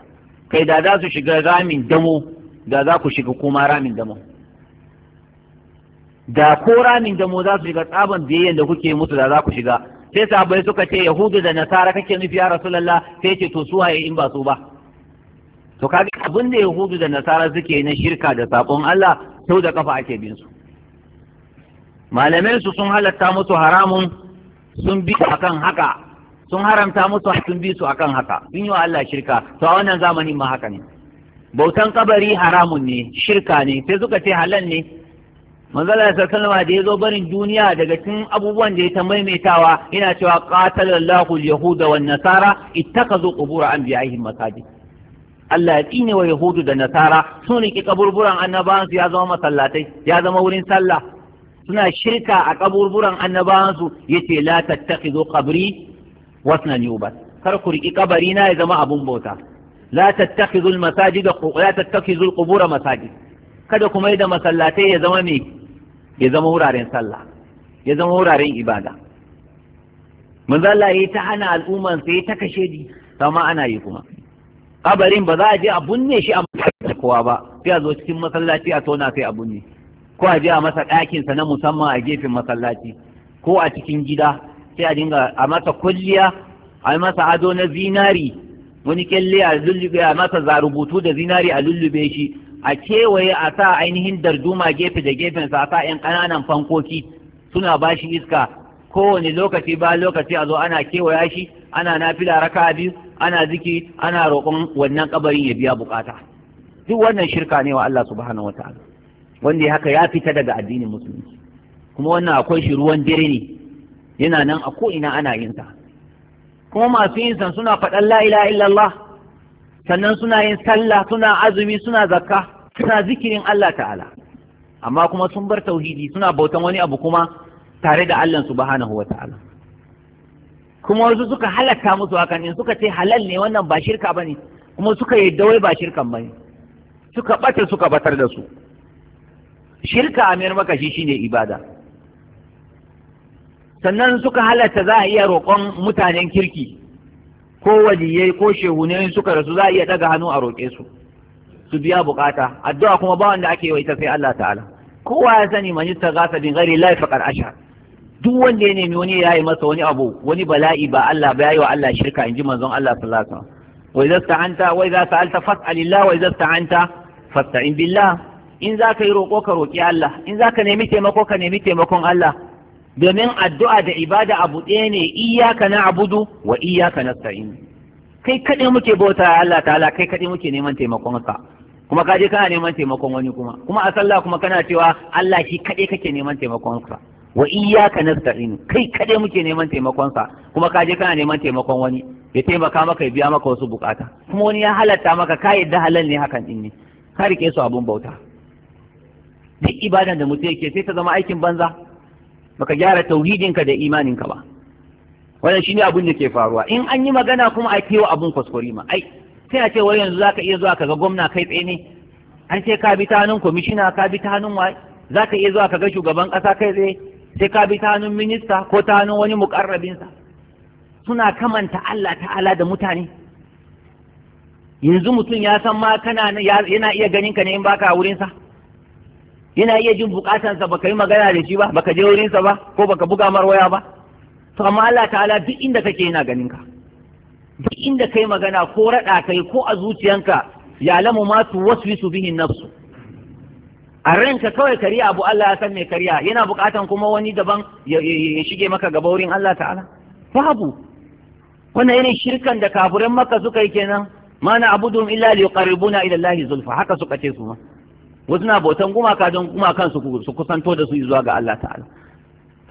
kai da za su shiga ramin damo da za ku shiga kuma ramin damo da ko ramin damo za su shiga tsaban biyayyen da kuke musu da za ku shiga sai sahabbai suka ce yahudu da nasara kake nufi ya rasulullah sai ce to su waye in ba su ba to kaga abin da yahudu da nasara suke na shirka da sakon Allah sau da kafa ake bin su Malamai su sun halatta musu haramun sun bi akan haka sun haramta musu sun bi su akan haka sun yi wa Allah shirka to a wannan zamanin ma haka ne bautan kabari haramun ne shirka ne sai suka ce halal ne manzala da sallama da ya zo barin duniya daga cikin abubuwan da ya ta maimaitawa yana cewa qatalallahu al-yahuda wan nasara ittakazu qubur anbiya'ihim masajid Allah ya tsine wa yahudu da nasara sun riki kaburburan annabawansu ya zama masallatai ya zama wurin sallah suna shirka a kaburburan annabawansu yace la tattakhidhu qabri wasnan yubas kar ku riƙi kabari na ya zama abun bauta la tattakhidhu al-masajid la tattakhidhu al-qubur masajid kada kuma da masallatai ya zama mai ya zama wuraren sallah ya zama wuraren ibada manzo yi ta hana al'umman sai ta kashe di sama ana yi kuma kabarin ba za a je a bunne shi a da kowa ba sai a zo cikin masallaci a tona sai a bunne ko a je a masa ɗakin sa na musamman a gefen masallaci ko a cikin gida sai a dinga a masa kulliya a masa ado na zinari wani kyalle a lullube a masa zarubutu da zinari a lullube shi a kewaye a sa ainihin darduma gefe da gefen sa sa yan ƙananan fankoki suna ba shi iska kowane lokaci ba lokaci a zo ana kewaya shi ana nafila raka biyu ana ziki ana roƙon wannan ƙabarin ya biya bukata duk wannan shirka ne wa Allah subhanahu ta'ala wanda ya haka ya fita daga addinin musulunci kuma wannan akwai shi ruwan dare ne yana nan a ko'ina ana yin sa kuma masu yin san suna faɗan la ilaha illallah sannan suna yin sallah suna azumi suna zakka suna zikirin Allah ta'ala amma kuma sun bar tauhidi suna bautan wani abu kuma tare da Allah subhanahu wa ta'ala kuma wasu suka halatta musu hakan in suka ce halal ne wannan ba shirka bane kuma suka yadda wai ba shirkan bane suka bata suka batar da su shirka a mayar maka shi shine ibada sannan suka halatta za a iya roƙon mutanen kirki ko waliyai ko shehunai suka rasu za a iya daga hannu a roƙe su su biya bukata addu'a kuma ba wanda ake yi ita sai Allah ta'ala kowa ya sani man yastaghatha bin ghairi la faqad ashar duk wanda ya nemi wani yayi masa wani abu wani bala'i ba Allah ba yayi wa Allah shirka inji manzon Allah sallallahu alaihi wasallam wa idza sta'anta wa idza sa'alta fas'alillah wa idza sta'anta fasta'in billah in zaka yi roƙo ka roƙi Allah in zaka nemi taimako ka nemi taimakon Allah domin addu'a da ibada abu ɗaya ne iyaka na abudu wa iyaka na sa'in kai kaɗe muke bauta ya Allah ta'ala kai kaɗe muke neman taimakon ka kuma ka je kana neman taimakon wani kuma kuma a sallah kuma kana cewa Allah shi kaɗe kake neman taimakon sa wa na nasta'in kai kaɗai muke neman taimakon sa kuma ka je kana neman taimakon wani ya taimaka maka ya biya maka wasu bukata kuma wani ya halatta maka ka yadda halal ne hakan din ne ka rike su abun bauta duk ibadan da mutum yake sai ta zama aikin banza baka gyara tauhidinka da imaninka ba wannan shine abin da ke faruwa in an yi magana kuma ai kewa abun kuskure ma ai sai a ce wai yanzu zaka iya zuwa kaga gwamna kai tsaye ne an ce ka bi ta hannun kwamishina ka bi ta hannun wai zaka iya zuwa kaga shugaban kasa kai tsaye sai ka bi ta hannun minista ko ta hannun wani mukarrabinsa suna kamanta Allah ta'ala da mutane yanzu mutum ya san ma kana yana iya ganin ka ne in baka a wurinsa sa yana iya jin bukatansa baka yi magana da shi ba baka je wurinsa ba ko baka buga mar waya ba to amma Allah ta'ala duk inda kake yana ganin ka duk inda kai magana ko raɗa kai ko a zuciyanka ya lamu ma tu waswisu bihin nafsu a ranka kawai kariya abu Allah ya san mai kariya yana bukatan kuma wani daban ya shige maka gaba wurin Allah ta'ala babu wannan irin shirkan da kafuran maka suka yi kenan mana abudum illa liqarribuna ila Allah zulfa haka suka ce su ma wasu na bautan gumaka don gumakan su kusanto da su zuwa ga Allah ta'ala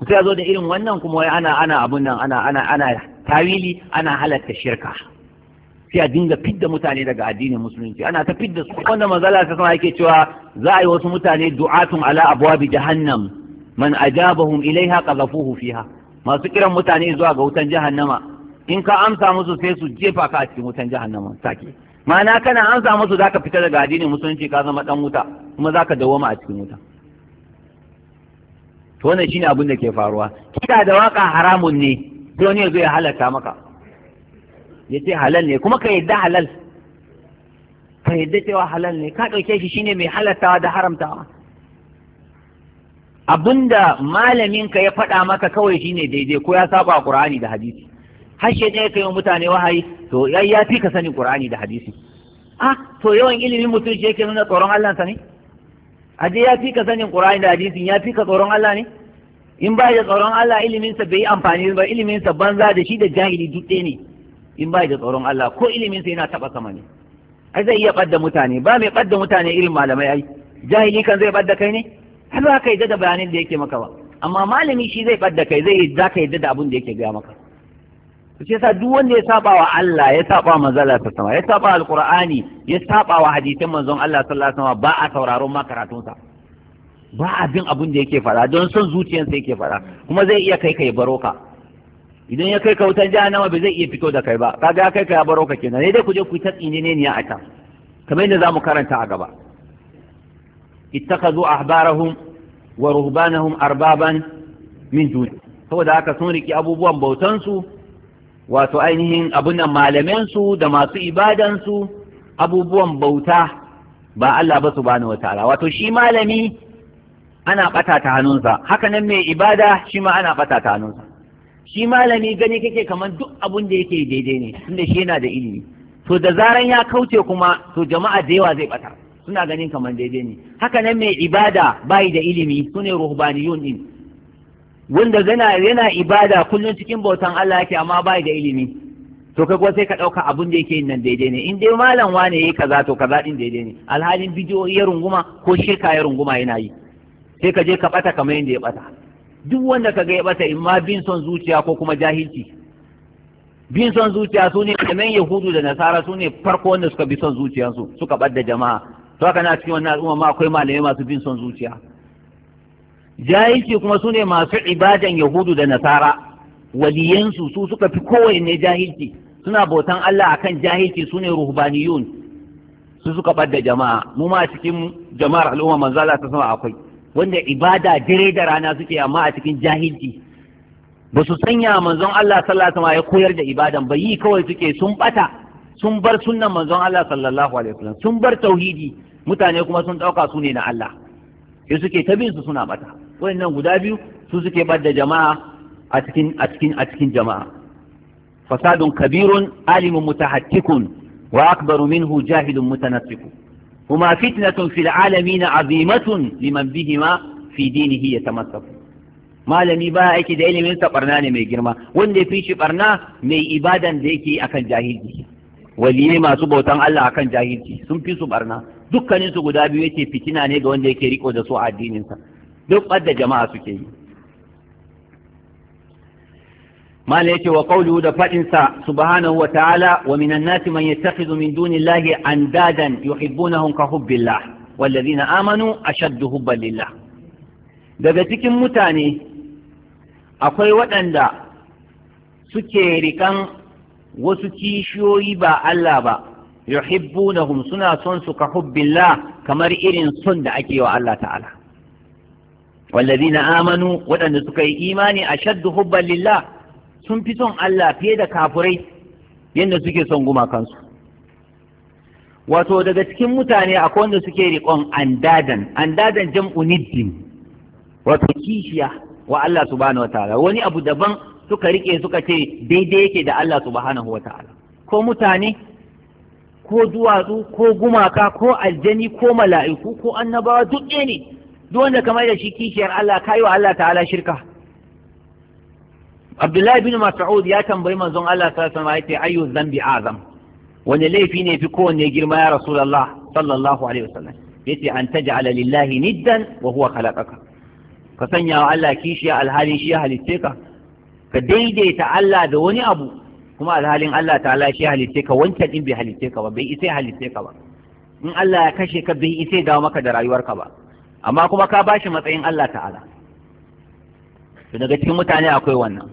sai a zo da irin wannan kuma wai ana ana abun nan ana ana ana tawili ana halatta shirka sai a dinga fidda mutane daga addinin musulunci ana ta fidda su wanda manzala ta sama yake cewa za a yi wasu mutane du'atun ala abwabi jahannam man ajabahum ilaiha qadhafuhu fiha masu kiran mutane zuwa ga wutan jahannama in ka amsa musu sai su jefa ka a cikin wutan jahannama sake ma'ana kana an samu su zaka fita daga addini musulunci ka zama dan wuta kuma zaka dawoma a cikin wuta to wannan shine abin da ke faruwa kida da waka haramun ne sai wani yazo ya halarta maka ya ce halal ne kuma ka yadda halal ka yadda cewa halal ne ka ɗauke shi shine mai halartawa da haramtawa abinda malaminka ya faɗa maka kawai shine daidai ko ya saba a Qur'ani da hadisi har ne ya kai wa mutane wahayi to ya ya fi ka sanin qur'ani da hadisi ah to yawan ilimin mutum shi yake nuna tsoron Allah sa ne aje ya fi ka sanin qur'ani da hadisi ya fi ka tsoron Allah ne in ba da tsoron Allah ilimin sa bai amfani ba ilimin sa banza da shi da jahili duk ne in ba da tsoron Allah ko ilimin sa yana taba sama ne ai zai iya ɓadda mutane ba mai ɓadda mutane irin malamai ai jahili kan zai ɓadda kai ne har ba ka yadda da bayanin da yake maka ba amma malami shi zai ɓadda kai zai za ka yadda da abin da yake gaya maka to shi yasa duk wanda ya saba wa Allah ya saba manzala ta sama ya saba alqur'ani ya saba wa hadisin manzon Allah sallallahu alaihi wasallam ba a sauraron ma karatunsa. sa ba abin abin da yake fara don son zuciyarsa yake fara kuma zai iya kai kai baroka idan ya kai ka wutar jahannama ba zai iya fito da kai ba kaga ya kai ka ya baroka kenan sai dai ku je ku ta tsine ne a can kamar yadda zamu karanta a gaba ittakhadhu ahbarahum wa ruhbanahum arbaban min dun saboda haka sun riki abubuwan bautansu wato ainihin abun malamansu da masu ibadansu abubuwan bauta ba Allah ba su subhanahu wataala wato shi malami ana ɓata ta hannunsa haka nan mai ibada shi ma ana ɓata ta hannunsa shi malami gani kake kamar duk abun da yake daidai ne tunda shi yana da ilimi to da zaran ya kauce kuma to jama'a da yawa zai ɓata suna ganin kamar daidai ne haka nan mai ibada bai da ilimi sune ruhbaniyun din wanda zana yana ibada kullum cikin bautan Allah yake amma bai da ilimi to kai kuma sai ka dauka abin da yake yin nan daidai ne in dai malam wane yayi kaza to kaza din daidai ne alhalin bidiyo ya runguma ko shirka ya runguma yana yi sai ka je ka bata kamar yadda ya bata duk wanda ka ga ya bata in ma bin son zuciya ko kuma jahilci bin son zuciya su ne kamar yahudu da nasara su ne farko wanda suka bi son zuciyarsu suka ɓadda jama'a to haka na cikin wannan al'umma ma akwai malamai masu bin son zuciya jahilci kuma su ne masu ibadan yahudu da nasara waliyansu su suka fi kowanne jahilci suna bautan Allah akan jahilci su ne ruhbaniyun su suka ɓadda jama'a mu ma cikin jama'ar al'umma manzala ta sama akwai wanda ibada dare da rana suke amma a cikin jahilci ba su sanya manzon Allah sallallahu alaihi ya koyar da ibadan ba yi kawai suke sun bata sun bar sunnan manzon Allah sallallahu alaihi wasallam sun bar tauhidi mutane kuma sun dauka su ne na Allah sai suke ta bin su suna bata wannan guda biyu su suke bada jama'a a cikin jama'a fasadun kabirun alimun mutahattikun wa akbaru minhu jahilun mutanassiku kuma fitnatun fil alamin azimatun liman bihima fi dinihi yatamassaku malami ba aiki da ilimin sa barna ne mai girma wanda ya fi shi barna mai ibadan da yake akan jahilci waliyai masu bautan Allah akan jahilci sun fi su barna Dukkaninsu guda biyu yake fitina ne ga wanda yake riko da su a addinin sa duk ɓadda jama'a suke yi mala yake wa qawluhu da faɗinsa, sa subhanahu wa ta'ala wa minan nasi man yattakhidhu min dunillahi andadan yuhibbunahum ka hubbillah wallazina amanu ashaddu hubban lillah daga cikin mutane akwai waɗanda suke rikan wasu kishiyoyi ba Allah ba yuhibbunahum suna son su ka hubbillah kamar irin son da ake wa Allah ta'ala wallazina amanu waɗanda suka yi imani ashaddu hubban lillah sun fi son Allah fiye da kafurai yadda suke son gumakansu wato daga cikin mutane akwai wanda suke riƙon andadan andadan jam'u niddin wato kishiya wa Allah subhanahu wataala wani abu daban suka rike suka ce daidai yake da Allah subhanahu wataala ko mutane ko duwatsu ko gumaka ko aljani ko mala'iku ko annabawa duk ne duk wanda kamar da shi kishiyar Allah kai wa Allah ta'ala shirka Abdullahi bin Mas'ud ya tambayi manzon Allah sallallahu alaihi wasallam ayyu dhanbi azam wani laifi ne fi kowanne girma ya Rasulullah sallallahu alaihi wasallam yace an taj'ala lillahi niddan wa huwa khalaqaka ka sanya wa Allah kishiya alhali shi ya halitte ka ka daidaita Allah da wani abu kuma alhalin Allah ta'ala shi ya halitte ka wancan din bai halitte ka ba bai isa halitte ka ba in Allah ya kashe ka bai isa dawo maka da rayuwarka ba amma kuma ka bashi matsayin Allah ta'ala to daga cikin mutane akwai wannan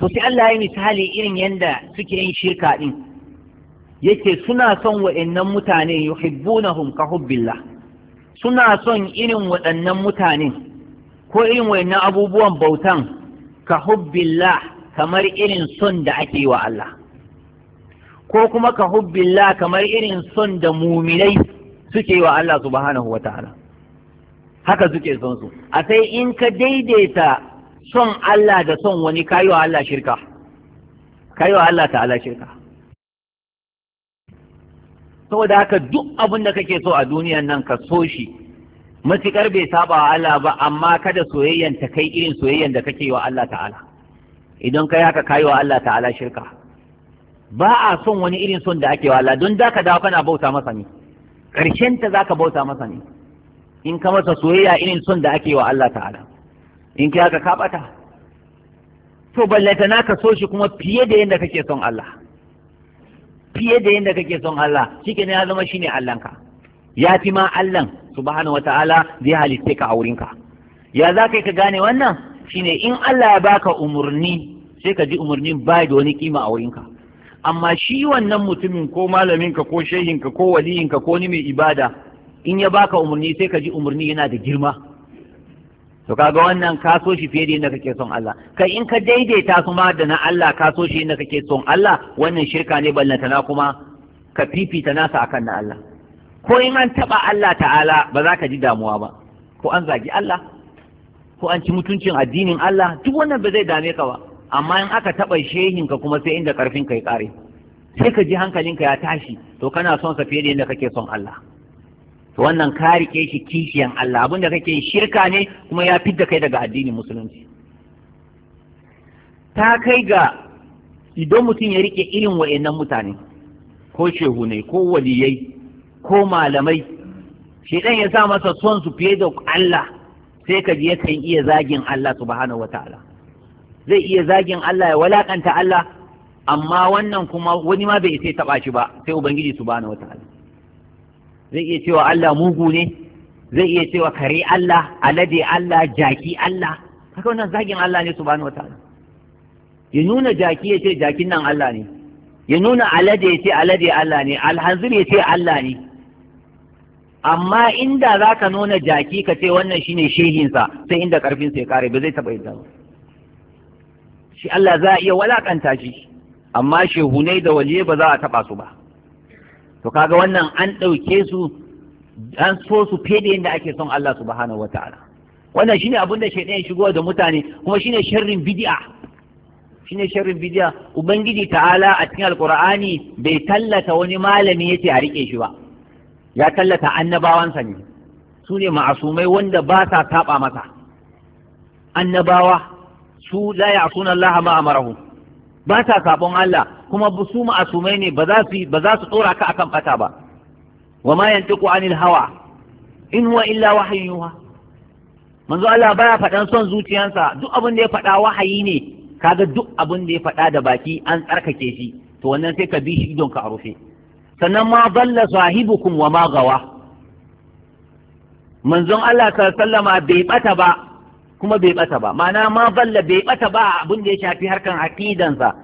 to sai Allah ya misali irin yanda suke yin shirka din yake suna son waɗannan mutane yuhibbunahum ka hubbillah suna son irin waɗannan mutane ko irin waɗannan abubuwan bautan ka hubbillah kamar irin son da ake wa Allah ko kuma ka hubbillah kamar irin son da muminai suke wa Allah subhanahu wa ta'ala haka suke son su a sai in ka daidaita son Allah da son wani kayo Allah shirka kayo Allah ta'ala shirka saboda haka duk abin da kake so a duniyan nan ka so shi matuƙar bai saba wa Allah ba amma kada soyayyan ta kai irin soyayyan da kake wa Allah ta'ala idan kai haka kayi wa Allah ta'ala shirka ba a son wani irin son da ake wa Allah don da ka dawo kana bauta masa ne karshen ta zaka bauta masa ne in ka masa soyayya irin son da ake wa Allah ta'ala in ka haka ka to ballata na ka so shi kuma fiye da yadda kake son Allah fiye da yadda kake son Allah shike ne ya zama shine ka ya fi ma Allah subhanahu wata'ala zai halitta ka a ka ya za kai ka gane wannan shine in Allah ya baka umurni sai ka ji umurnin ba da wani kima a wurinka amma shi wannan mutumin ko malaminka ko shahinka, ko waliyinka ko ni mai ibada in ya baka umarni sai ka ji umarni yana da girma to kaga wannan ka so shi fiye da yadda kake son Allah kai in ka daidaita su ma da na Allah ka so shi yadda kake son Allah wannan shirka ne na kuma ka fifita nasa akan na Allah ko in an taba Allah ta'ala ba za ka ji damuwa ba ko an zagi Allah ko an ci mutuncin addinin Allah duk wannan ba zai dame ka ba amma in aka taba shehin ka kuma sai inda karfin ka ya kare sai ka ji hankalinka ya tashi to kana son sa fiye da yadda kake son Allah to wannan ka rike shi kishiyan Allah abin da kake shirka ne kuma ya fidda kai daga addinin musulunci ta kai ga idan mutum ya rike irin wa'annan mutane ko shehunai ko waliyai ko malamai shedan ya sa masa son su fiye da Allah sai ka ji kan iya zagin Allah subhanahu wataala zai iya zagin Allah ya walakanta Allah amma wannan kuma wani ma bai sai taba shi ba sai ubangiji subhanahu wataala zai iya cewa Allah mugu ne zai iya cewa kare Allah alade Allah jaki Allah haka wannan zagin Allah ne subhanahu wataala ya nuna jaki ya ce jakin nan Allah ne ya nuna alade ya ce alade Allah ne alhanzir ya ce Allah ne amma inda za ka nuna jaki ka ce wannan shine shehinsa sai inda ƙarfinsa ya kare ba zai taɓa yadda ba shi Allah za a iya walakanta shi amma shehunai da waje ba za a taɓa su ba to kaga wannan an ɗauke su an so su fede yadda ake son Allah subhanahu wata'ala wannan shine abin da shaidan ya shigo da mutane kuma shine sharrin bid'a shine sharrin bid'a ubangiji ta'ala a cikin alqur'ani bai tallata wani malami yace a rike shi ba ya tallata annabawansa ne su ne ma'asumai wanda ba sa saba masa annabawa su la ya'suna Allah ma amarahu ba ta sabon Allah kuma su ma'asumai ne ba za su tsora ka akan fata ba wa ma yantiqu anil hawa in huwa illa wahyun yuha manzo Allah baya faɗan son zuciyansa duk abin da ya faɗa wahayi ne kaga duk abin da ya faɗa da baki an tsarkake shi to wannan sai ka bi shi idon ka a rufe sannan ma dalla sahibukum wa ma gawa manzon Allah sallama bai bata ba kuma bai bata ba ma'ana ma balla bai bata ba abin da ya shafi harkan aqidansa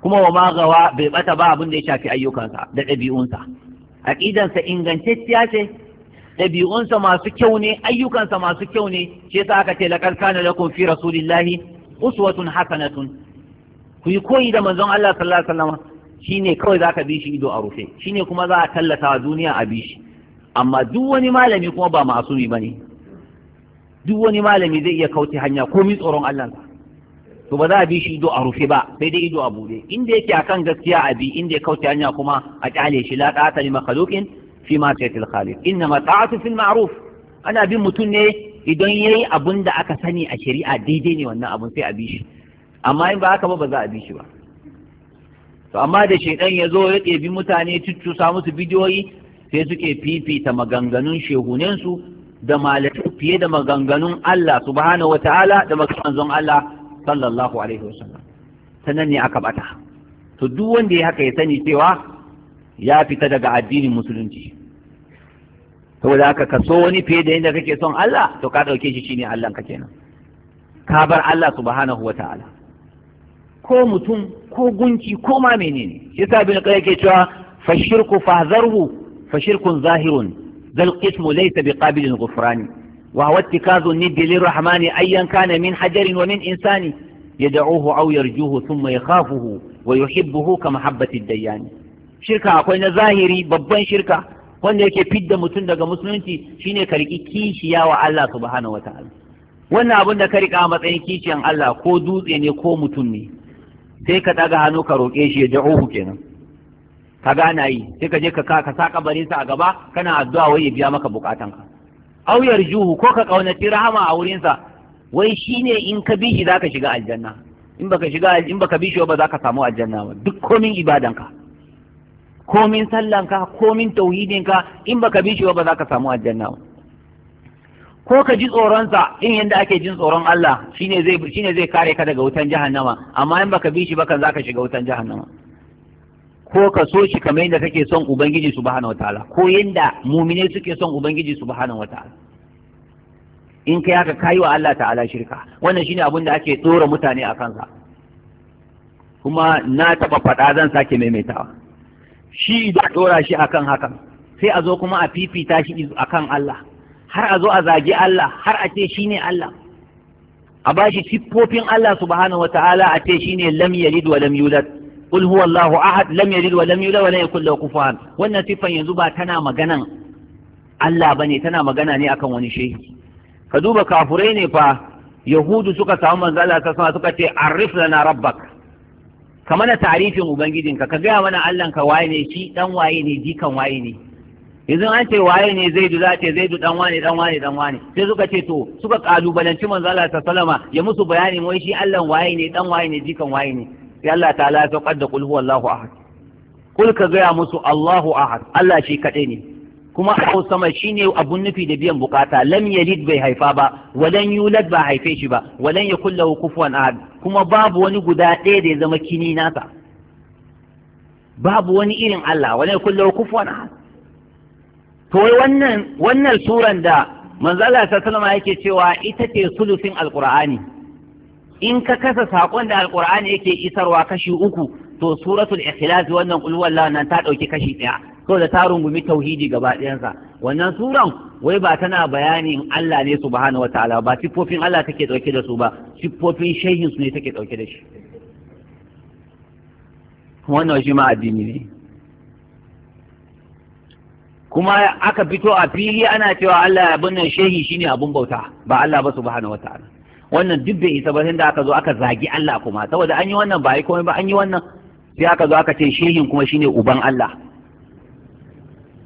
kuma wa magawa bai bata ba abin da ya shafi ayyukansa da ɗabi'unsa aqidansa ingantacciya ce ɗabi'unsa masu kyau ne ayyukansa masu kyau ne shi yasa aka ce laqad kana lakum fi rasulillahi uswatun hasanatun ku yi koyi da manzon Allah sallallahu alaihi wasallam shine kawai zaka bi shi ido a rufe shine kuma za a tallata duniya a bi shi amma duk wani malami kuma ba ba bane duk wani malami zai iya kauce hanya komi tsoron Allah to ba za a bi shi ido a rufe ba sai dai ido a bude inda yake akan gaskiya a bi inda ya kauce hanya kuma a kyale shi la ta'ata li makhluqin fi ma ta'atil khaliq inna ma ta'atu fil ma'ruf ana bin mutum ne idan yayi abun da aka sani a shari'a daidai ne wannan abun sai a bi shi amma in ba haka ba ba za a bi shi ba to amma da shaidan ya zo ya bi mutane tuttusa musu bidiyoyi sai suke fifita maganganun shehunensu da malamin fiye da maganganun Allah subhanahu wa ta'ala da maganganun Allah sallallahu alaihi wasallam sannan ne aka bata to duk wanda ya haka ya sani cewa ya fita daga addinin musulunci saboda haka ka so wani fiye da yadda kake son Allah to ka dauke shi shine Allah ka kenan ka bar Allah subhanahu wa ta'ala ko mutum ko gunki ko ma menene yasa bin kai yake cewa fashirku zarhu, fashirkun zahirun zal qismu laysa biqabilin ghufrani wa huwa ittikazu niddi lirrahmani ayyan kana min hajarin wa min insani auyar aw yarjuhu mai yakhafuhu wa yuhibbuhu ka mahabbati ne. shirka akwai na zahiri babban shirka wanda yake fidda mutum daga musulunci shine ka riki kishiya wa Allah subhanahu wataala wannan abin da ka rika matsayin kishiyan Allah ko dutse ne ko mutum ne sai ka daga hannu ka roƙe shi ya da'uhu kenan ka gana yi sai ka je ka ka sa kabarin sa a gaba kana addu'a wai ya biya maka bukatanka auyar juhu ko ka kaunaci rahama a wurinsa wai shi ne in ka bi shi ka shiga aljanna in baka shiga in baka bi shi ba ka samu aljanna ba duk komin ibadanka komin sallanka komin tauhidinka in baka bi shi ba za ka samu aljanna ba ko ka ji tsoronsa in yadda ake jin tsoron Allah shine zai shine zai kare ka daga wutan jahannama amma in baka bi shi ba kan za ka shiga wutan jahannama ko ka so shi kamar yadda kake son ubangiji subhanahu wataala ko yadda mumine suke son ubangiji subhanahu wataala in kai haka kayi wa Allah ta'ala shirka wannan shine abin da ake tsora mutane a kansa kuma na taba faɗa zan sake maimaitawa shi da tsora shi akan hakan sai a zo kuma a fifita shi akan Allah har a zo a zagi Allah har a ce shine Allah a bashi siffofin Allah subhanahu wataala a ce shine lam yalid wa lam yulad qul huwallahu ahad lam ya wa lam yulad wa lam yakul lahu kufuwan wannan sifan yanzu ba tana maganan Allah bane tana magana ne akan wani shehi ka duba kafurai ne fa yahudu suka samu manzo Allah ta sama suka ce arif lana rabbak ka mana tarifin ubangijinka ka gaya mana Allah ka waye ne shi dan waye ne jikan waye ne yanzu an ce waye ne du, za ce du dan wane dan wane dan wane sai suka ce to suka kalubalanci manzo Allah ta salama ya musu bayani wai shi Allah waye ne dan waye ne jikan waye ne sai Allah ta la saukar da kul Allahu ahad kul ka gaya musu Allahu ahad Allah shi kaɗai ne kuma a sama ne abun nufi da biyan bukata lam yalid bai haifa ba walan yulad ba haife shi ba walan yakul lahu kufuwan ahad kuma babu wani guda ɗaya da ya zama kini nasa babu wani irin Allah walan yakul lahu kufuwan ahad to wannan wannan suran da manzo Allah sallallahu alaihi wasallam yake cewa ita ce sulusin alqur'ani in ka kasa saƙon da alƙur'ani yake isarwa kashi uku to suratul ikhlas wannan kulwalla nan ta dauki kashi ɗaya to da ta rungumi tauhidi gaba ɗayansa wannan suran wai ba tana bayanin Allah ne subhanahu wataala ba siffofin Allah take ɗauke da su ba siffofin shehin su ne take ɗauke da shi wannan shi ma addini ne kuma aka fito a fili ana cewa Allah abin nan shehi shine abun bauta ba Allah ba subhanahu wataala wannan duk bai isa ba sai da aka zo aka zagi Allah kuma saboda an yi wannan ba yi komai ba an yi wannan sai aka zo aka ce shehin kuma shine uban Allah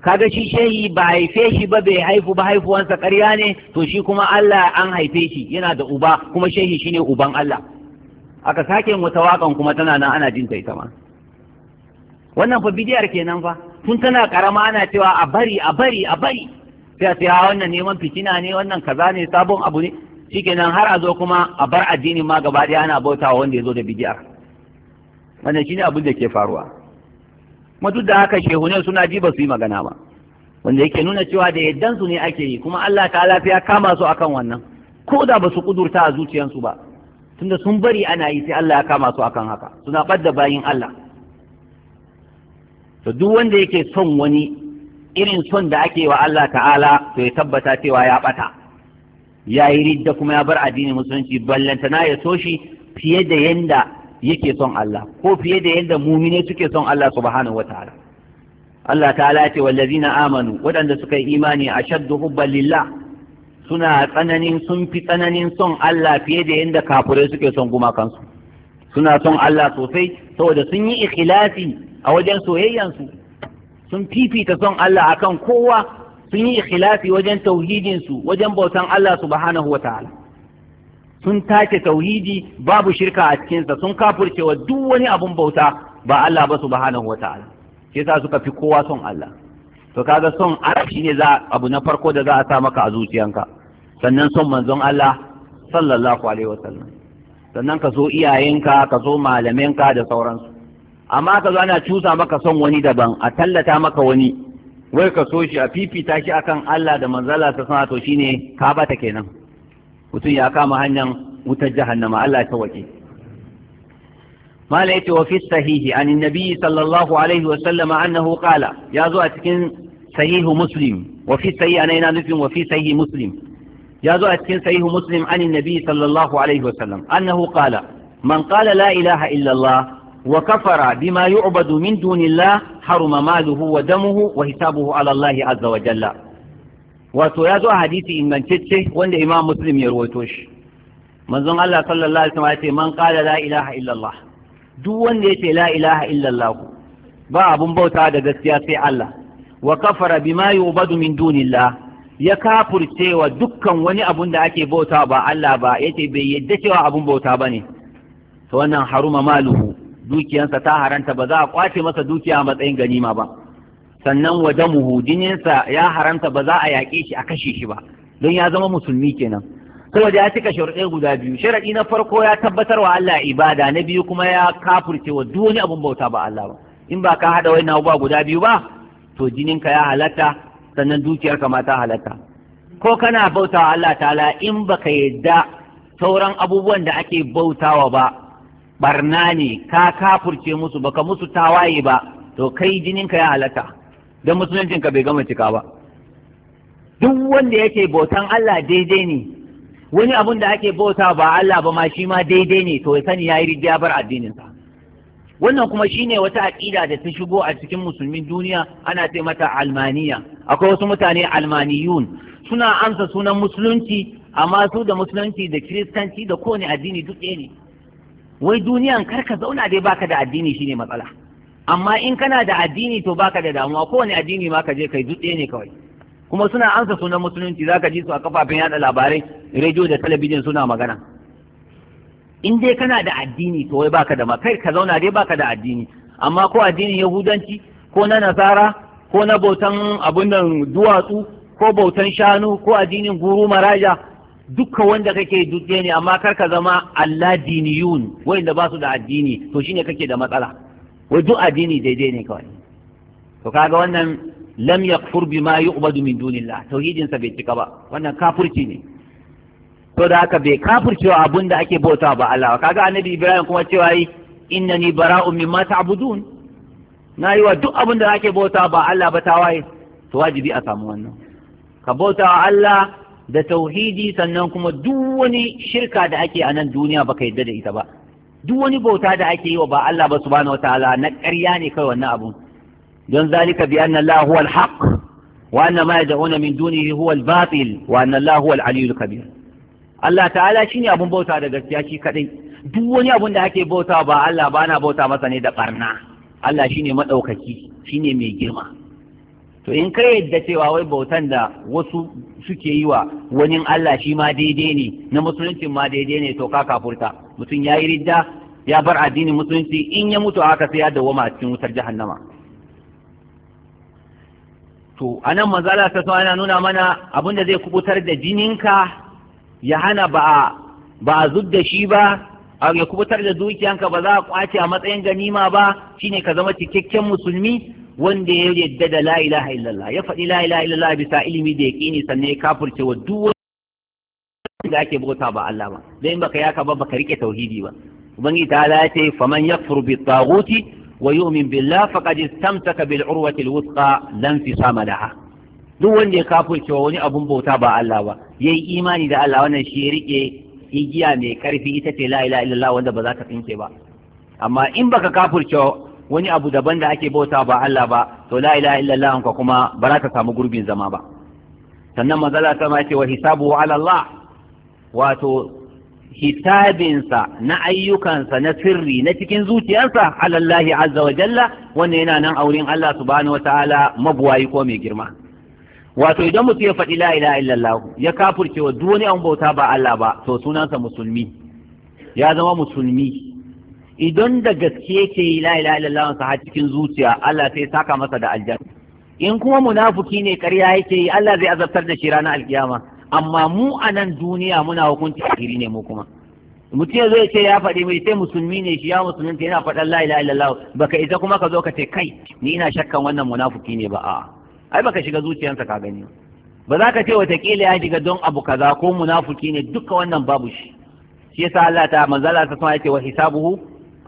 kaga shi shehi ba haife shi ba bai haifu ba haifuwansa ƙarya ne to shi kuma Allah an haife shi yana da uba kuma shehi shine uban Allah aka sake wata waƙan kuma tana nan ana jin ta ita ma wannan fa bidiyar kenan fa tun tana karama ana cewa a bari a bari a bari sai a ha ah, wannan neman fitina ne wannan kaza ne sabon abu ne shikenan har a zo kuma a bar addinin ma gaba ɗaya ana bautawa wanda ya zo da bidiyar wannan shine abin da ke faruwa kuma duk da haka shehunan suna ji ba su yi magana ba wanda yake nuna cewa da yaddan su ne ake yi kuma Allah ta ya kama su akan wannan ko da ba su kudurta a zuciyansu ba tunda sun bari ana yi sai Allah ya kama su akan haka suna ɓadda bayin Allah to duk wanda yake son wani irin son da ake wa Allah ta'ala to ya tabbata cewa ya ɓata ya yi ridda kuma ya bar addinin musulunci ballantana ya so shi fiye da yanda yake son Allah ko fiye da yanda mumine suke son Allah subhanahu wataala Allah ta'ala ya ce wallazina amanu waɗanda suka yi imani ashaddu hubban lillah suna tsananin sun fi tsananin son Allah fiye da yanda kafirai suke son gumakansu suna son Allah sosai saboda sun yi ikhlasi a wajen soyayyansu sun fifita son Allah akan kowa sun yi ikhlasi wajen tauhidinsu wajen bautan Allah subhanahu wa ta'ala sun take tauhidi babu shirka a cikinsa sun kafurcewa duk wani abun bauta ba Allah ba subhanahu wa ta'ala shi yasa suka fi kowa son Allah to kaga son Allah shine za abu na farko da za a sa maka a zuciyanka sannan son manzon Allah sallallahu alaihi wasallam sannan ka zo iyayenka ka zo malaminka da sauransu amma ka zo ana cusa maka son wani daban a tallata maka wani wai ka so shi a fifita shi akan Allah da manzala ta sana to shine ka bata kenan mutum ya kama hanyar wutar jahannama Allah ta waje mala yace wa fi sahihi an nabi sallallahu alaihi wa sallama annahu qala ya zo a cikin sahihu muslim wa fi sahihi ana yana nufin wa fi sahihi muslim ya zo a cikin sahihu muslim an nabi sallallahu alaihi wa sallam annahu qala man qala la ilaha illa Allah wa kafara bima yu'badu min dunillah haruma maluhu wa damuhu wa hisabuhu ala Allah wa jalla wato ya zo a hadisi ingantacce wanda imam muslim ya rawaito shi manzon Allah sallallahu alaihi wasallam ya ce man qala la ilaha illallah duk wanda yace la ilaha illallah ba abun bauta da gaskiya sai Allah wa kafara bima yu'badu min dunillah ya kafurce wa dukkan wani abun da ake bauta ba Allah ba yace bai yadda cewa abun bauta bane to wannan haruma maluhu dukiyansa ta haranta ba za a kwace masa dukiya a matsayin ganima ba sannan waje damuhu jininsa ya haranta ba za a yaƙe shi a kashe shi ba don ya zama musulmi kenan saboda ya cika sharuɗe guda biyu sharaɗi na farko ya tabbatar wa Allah ibada na biyu kuma ya kafurce wa duk wani abun bauta ba Allah ba in ba ka haɗa wani abubuwa guda biyu ba to jininka ya halatta sannan dukiyarka ma ta halatta ko kana bauta wa Allah ta'ala in baka yadda sauran abubuwan da ake bautawa ba barna ne ka kafurce musu baka musu tawaye ba to kai jininka ya halarta, don musuluncinka bai gama cika ba duk wanda yake bautan Allah daidai ne wani abun da ake bauta ba Allah ba ma shi ma daidai ne to ya yi yayi rijiya bar addininsa wannan kuma shine wata aƙida da ta shigo a cikin musulmin duniya ana ce mata almaniya akwai wasu mutane almaniyun suna amsa sunan musulunci amma su da musulunci da kiristanci da kowane addini duk ɗaya ne wai duniyan karka zauna dai baka da addini shine matsala amma in kana da addini to baka da damuwa kowane addini ma ka je kai dutse ne kawai kuma suna ansa sunan musulunci zaka ji su a kafafen yada labarai rediyo da talabijin suna magana in dai kana da addini to wai baka da ma kai ka zauna dai baka da addini amma ko addinin yahudanci ko na nasara ko na bautan abun nan duwatsu ko bautan shanu ko addinin guru maraja dukka wanda kake dutse ne amma karka zama Allah diniyun wanda ba su da addini to shine kake da matsala wai duk addini daidai ne kawai to kaga wannan lam yakfur bima yu'badu min dunillah tauhidin sa bai cika ba wannan kafirci ne to da haka bai kafircewa abin da ake bauta ba Allah kaga annabi Ibrahim kuma cewa yi innani bara'un mimma ta'budun na yi wa duk abin da ake bauta ba Allah ba tawaye to wajibi a samu wannan ka bauta wa Allah da tauhidi sannan kuma duk wani shirka da ake a nan duniya baka yadda da ita ba duk wani bauta da ake yi wa ba Allah ba subhanahu wataala na ƙarya ne kai wannan abun don zalika bi anna Allah huwa al-haq wa anna ma yad'una min dunihi huwa al-batil wa anna Allah huwa al-aliyyul kabir Allah ta'ala shine abun bauta da gaskiya shi kadai duk wani abun da ake bauta ba Allah ba na bauta masa ne da barna Allah shine madaukaki shine mai girma to in ka yadda cewa wai bautan da wasu suke yi wa wani Allah shi ma daidai ne na musulunci ma daidai ne to ka kafurta mutum ya yi ridda ya bar addinin musulunci in ya mutu aka sai ya dawwama a cikin wutar jahannama to anan manzala ta so ana nuna mana abin da zai kubutar da jininka ya hana ba ba a zub da shi ba ya kubutar da dukiyanka ba za a kwace a matsayin ganima ba shine ka zama cikakken musulmi wanda ya yadda da la ilaha illallah ya faɗi la ilaha illallah bisa ilimi da yaqini sannan ya kafurce wa duk da ake bauta ba Allah ba dan baka yaka ba baka rike tauhidi ba ubangiji ta ala ce faman yakfur bi taghuti wa yu'min billah faqad istamsaka bil urwati al wuthqa lan fisama laha duk wanda ya kafurce wa wani abun bauta ba Allah ba yayi imani da Allah wannan shi ya rike igiya mai karfi ita ce la ilaha illallah wanda ba za ka tsinke ba amma in baka kafurce wani abu daban da ake bauta ba Allah ba to la ilaha illallah ka kuma ba za ka samu gurbin zama ba sannan mazala ta ma ce wa hisabu ala Allah wato hisabinsa na ayyukansa na sirri na cikin zuciyarsa ala Allah azza wa jalla wannan yana nan auren Allah subhanahu wa ta'ala mabuwayi ko mai girma wato idan mutum ya faɗi la ilaha illallah ya kafurce wa duk wani an bauta ba Allah ba to sunansa musulmi ya zama musulmi idan da gaske yake yi la ilaha illallah sa cikin zuciya Allah sai saka masa da aljanna in kuma munafuki ne ƙarya yake yi Allah zai azabtar da shi ranar alkiyama amma mu a nan duniya muna hukunci kafiri ne mu kuma mutum zai ce ya faɗi mai sai musulmi ne shi ya musulunta yana faɗan la ilaha illallah baka ita kuma ka zo ka ce kai ni ina shakkan wannan munafuki ne ba a'a ai baka shiga zuciyarsa ka gani ba za ka ce watakila ya shiga don abu kaza ko munafuki ne duka wannan babu shi shi yasa Allah ta manzala ta sama yace wa hisabuhu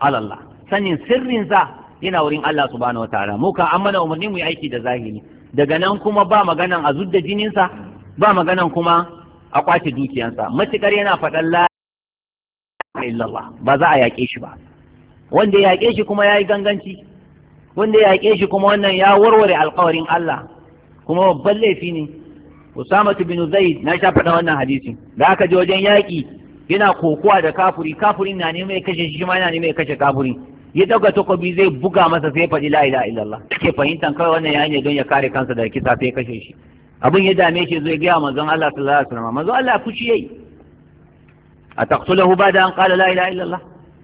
alallah sanin sirrin sa yana wurin Allah subhanahu wataala mu kan an mana umarni mu yi aiki da zahiri daga nan kuma ba maganan a zudda jinin sa ba maganan kuma a kwace dukiyansa matukar yana faɗan la illallah ba za a yaƙe shi ba wanda ya yaƙe shi kuma ya yi ganganci wanda ya yaƙe shi kuma wannan ya warware alƙawarin Allah kuma babban laifi ne Usama bin Zaid na sha faɗa wannan hadisin da aka je wajen yaƙi yana kokowa da kafuri kafurin na neman ya kashe shi ma yana neman ya kashe kafuri ya dauka takobi zai buga masa sai faɗi la ilaha illallah take fahimtan kawai wannan ya ne don ya kare kansa da kisa sai ya kashe shi abin ya dame shi zai gaya manzon Allah sallallahu alaihi wasallam manzon Allah fushi yayi a taqtuluhu bada an qala la ilaha illallah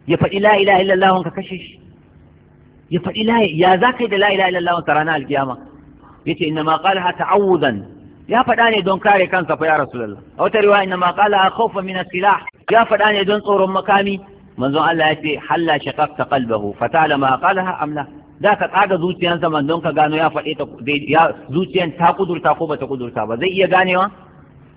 ya faɗi la ilaha illallah wanka kashe shi ya faɗi la ya za da la ilaha illallah ka rana alkiyama yace inna ma qala ha ta'awudan ya faɗa ne don kare kansa fa ya rasulullah a wata riwaya inna ma qala khawfa min as-silah ya faɗa ne don tsoron makami manzon Allah ya ce halla shaqaqta qalbahu fatala ma qalaha amla da ka tsaga zuciyansa manzon ka gano ya faɗe ta zuciyan ta kudurta ko bata kudurta ba zai iya ganewa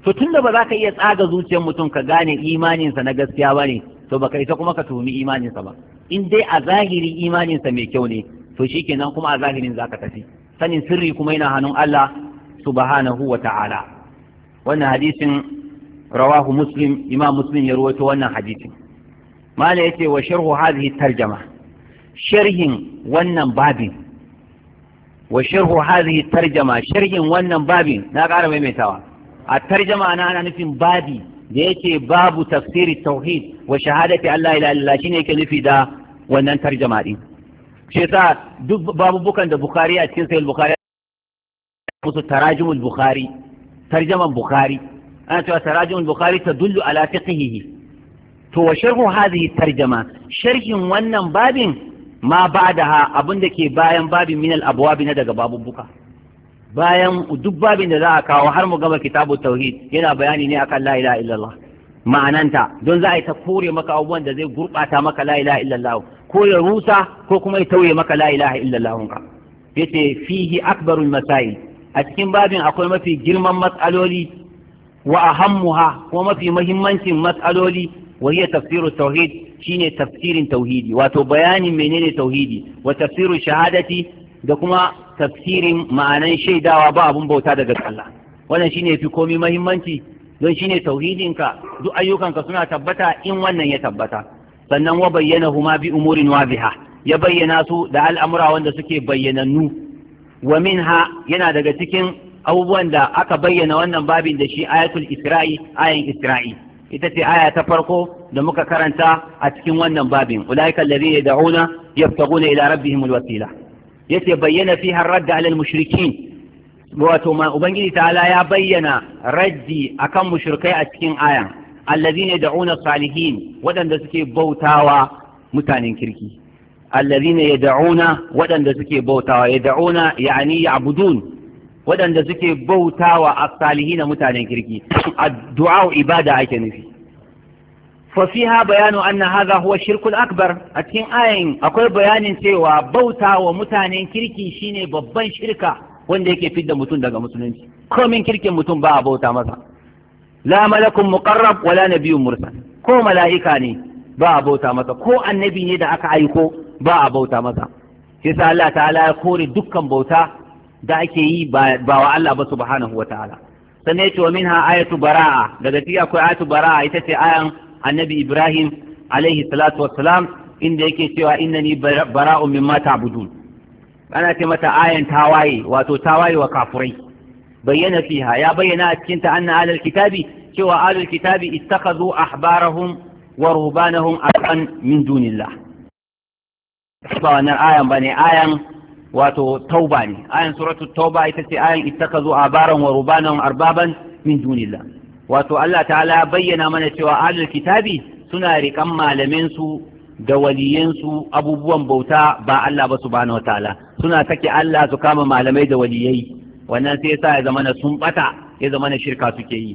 to tunda ba za ka iya tsaga zuciyan mutum ka gane imaninsa na gaskiya ne, to baka ita kuma ka tuhumi imaninsa ba in dai a zahiri imaninsa mai kyau ne to shikenan kuma a zahirin zaka tafi sanin sirri kuma yana hannun Allah subhanahu wa ta'ala wannan hadisin rawahu muslim imam muslim ya rawaito wannan hadisin mala yace wa sharhu hadhihi tarjama sharhin wannan babin wa sharhu hadhihi tarjama sharhin wannan babin na ƙara maimaitawa a tarjama na ana nufin babi da yake babu tafsiri tauhid wa shahadati Allah ila Allah shine yake nufi da wannan tarjama din shi yasa duk babubukan da Bukhari a cikin sahih Bukhari musu tarajimul Bukhari tarjaman Bukhari ana cewa tarajimul bukhari tadullu ala fiqhihi to wa sharhu hadhihi tarjama sharhin wannan babin ma ba'daha abinda ke bayan babin min al-abwab na daga babubuka bayan duk babin da za a kawo har mu gama kitabu tauhid yana bayani ne akan la ilaha illallah ma'ananta don za a yi ta kore maka abubuwan da zai gurɓata maka la ilaha illallah ko ya rusa ko kuma ya tauye maka la ilaha illallah ka yace fihi akbarul masail a cikin babin akwai mafi girman matsaloli wa ahammuha kuma mafi mahimmancin matsaloli wa hiya tafsiru tauhid shine tafsirin tauhidi wato bayanin menene tauhidi wa tafsirin shahadati da kuma tafsirin ma'anan shaidawa ba abun bauta daga Allah wannan shine fi komai muhimmanci don shine tauhidinka duk ayyukanka suna tabbata in wannan ya tabbata sannan wa bayyana huma bi umurin wadiha ya bayyana su da al'amura wanda suke bayyanannu wa ha yana daga cikin abubuwan da aka bayyana wannan babin da shi ayatul isra'i ayan isra'i ita ce aya ta farko da muka karanta a cikin wannan babin ulaika alladhina yad'una yabtaguna ila rabbihim alwasila yace bayyana fiha radda ala almushrikin wato ma ubangiji ta'ala ya bayyana raddi akan mushrikai a cikin ayan alladhina yad'una salihin waɗanda suke bautawa mutanen kirki alladhina yad'una waɗanda suke bautawa yad'una yani ya'budun waɗanda suke bautawa asalihi na mutanen kirki addu'a ibada ake nufi fa ha bayanu anna hadha huwa shirkul akbar a cikin ayin akwai bayanin cewa bauta wa mutanen kirki shine babban shirka wanda yake fidda mutum daga musulunci komin kirkin mutum ba a bauta masa la malakun muqarrab wala nabiyyun mursal ko mala'ika ne ba a bauta masa ko annabi ne da aka aiko ba a bauta masa sai sa Allah ta'ala ya kore dukkan bauta da ake yi ba wa Allah ba subhanahu wa ta'ala sannan yace wa minha ayatu bara'a daga cikin akwai ayatu bara'a ita ce ayan annabi Ibrahim alaihi salatu wassalam inda yake cewa innani bara'un mimma ta'budun ana ce mata ayan tawaye wato tawaye wa kafurai bayyana fiha ya bayyana a cikin ta anna alal kitabi cewa alal kitabi ittakhadhu ahbarahum wa ruhbanahum arqan min dunillah ba wannan ayan bane ayan wato tauba ne ayan suratu tauba ita ce ayan ittakazu abaran wa rubanan arbaban min dunillah wato Allah ta'ala ya bayyana mana cewa ahlul kitabi suna riƙan malaminsu da waliyansu abubuwan bauta ba Allah ba subhanahu wataala suna sake Allah su kama malamai da waliyai wannan sai yasa ya zamana sun bata ya zamana shirka suke yi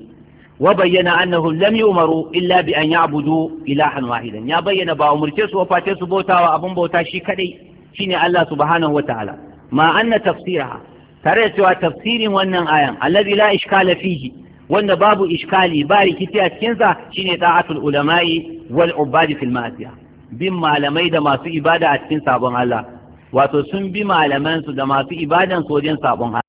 wa bayyana annahum lam yumaru illa bi an ya'budu ilahan wahidan ya bayyana ba umurce su waface su bautawa abun bauta shi kadai shine Allah subhanahu wataala ma anna tafsiraha tare da cewa tafsirin wannan ayan alladhi la ishkala fihi wanda babu ishkali ba rikici a cikin sa shine ta'atul ulama'i wal ubadi fil ma'asiya bin malamai da masu ibada a cikin sabon Allah wato sun bi malaman su da masu ibadan su wajen sabon Allah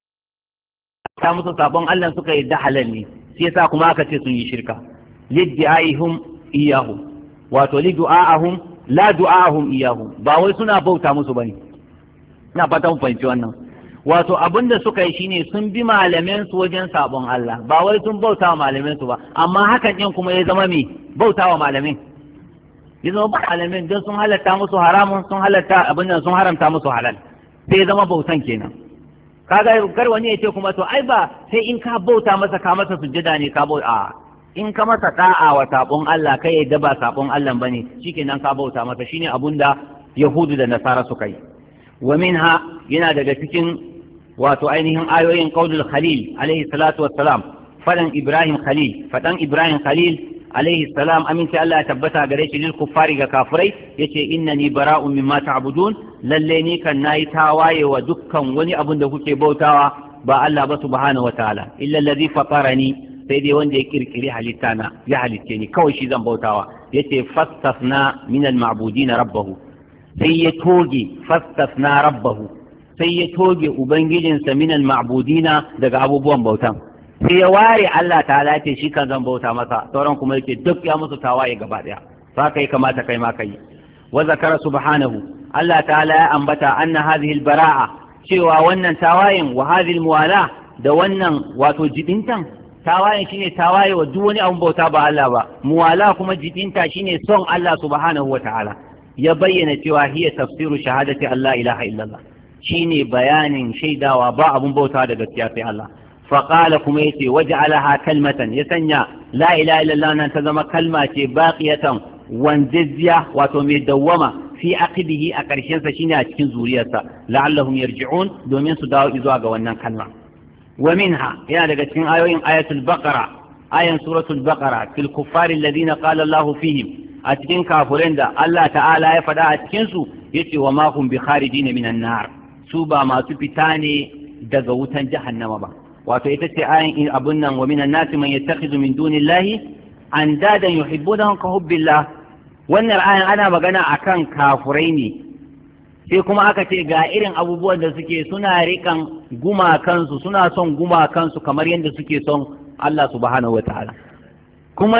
ta musu sabon Allah suka yadda halal ne sai yasa kuma aka ce sun yi shirka Liddi liddaihum iyahu wato Liddi lidu'ahum la du'ahum iyahu ba wai suna bauta musu bane ina fata mun fahimci wannan wato abin da suka yi shine sun bi malamen su wajen sabon Allah ba wai sun bauta wa malamen su ba amma hakan din kuma ya zama me bauta wa malamin ya zama ba malamin don sun halatta musu haramun sun halatta abin da sun haramta musu halal sai ya zama bautan kenan kaga kar wani ya ce kuma to ai ba sai in ka bauta masa ka masa sujjada ne ka bauta in ka masa da'a wa sabon Allah kai yadda ba sabon Allah bane shikenan ka bauta masa shine abun da yahudu da nasara suka yi wa minha yana daga cikin wato ainihin ayoyin qaulul khalil alaihi salatu wassalam fadan ibrahim khalil fadan ibrahim khalil alaihi salam aminci Allah ya tabbata gare shi lil kuffari ga kafirai yace innani bara'un mimma ta'budun lalle ni kan nayi tawaye wa dukkan wani abun da kuke bautawa ba Allah ba subhanahu wataala illa allazi fatarani sai dai wanda ya kirkiri halitta na ya halitte ni kawai shi zan bautawa yace fastasna min al-ma'budin rabbahu sai ya toge fastasna rabbahu sai ya toge ubangijinsa min daga abubuwan bautan sai ya ware Allah ta'ala ce shi kan zan bauta masa sauran kuma yake duk ya musu tawaye gaba daya fa kai kamata kai ma kai wa zakara subhanahu Allah ta'ala ya ambata anna hadhihi al-bara'a cewa wannan tawayen wa hadhihi al-muwala da wannan wato jibintan tawaye shi ne tawaye wa duk wani abun bauta ba Allah ba muwala kuma jikinta shi ne son Allah subhanahu wa ta'ala ya bayyana cewa hiya tafsiru shahadati Allah ilaha illallah shi ne bayanin shaidawa ba abun bauta da gaskiya sai Allah faƙala kuma ya ce waje alaha kalmatan ya sanya la ilaha illallah ta zama kalma ce baƙiyatan wanzizziya wato mai dawwama fi aqidihi a ƙarshensa shine a cikin zuriyarsa la'allahum yarji'un domin su dawo zuwa ga wannan kalma ومنها يا لقتين آيوين آية البقرة آية سورة البقرة في الكفار الذين قال الله فيهم أتكين كافرين دا الله تعالى يفدا أتكينسو يتي وما هم بخارجين من النار سوبا ما تبتاني دقوتا جهنم با وتأتي آية أبنا ومن الناس من يتخذ من دون الله أندادا يحبونهم كحب الله wannan ra'ayin ana magana akan kafurai ne sai kuma aka ce ga irin abubuwan da suke suna rikan gumakansu suna son gumakansu kamar yadda suke son Allah subhanahu wataala kuma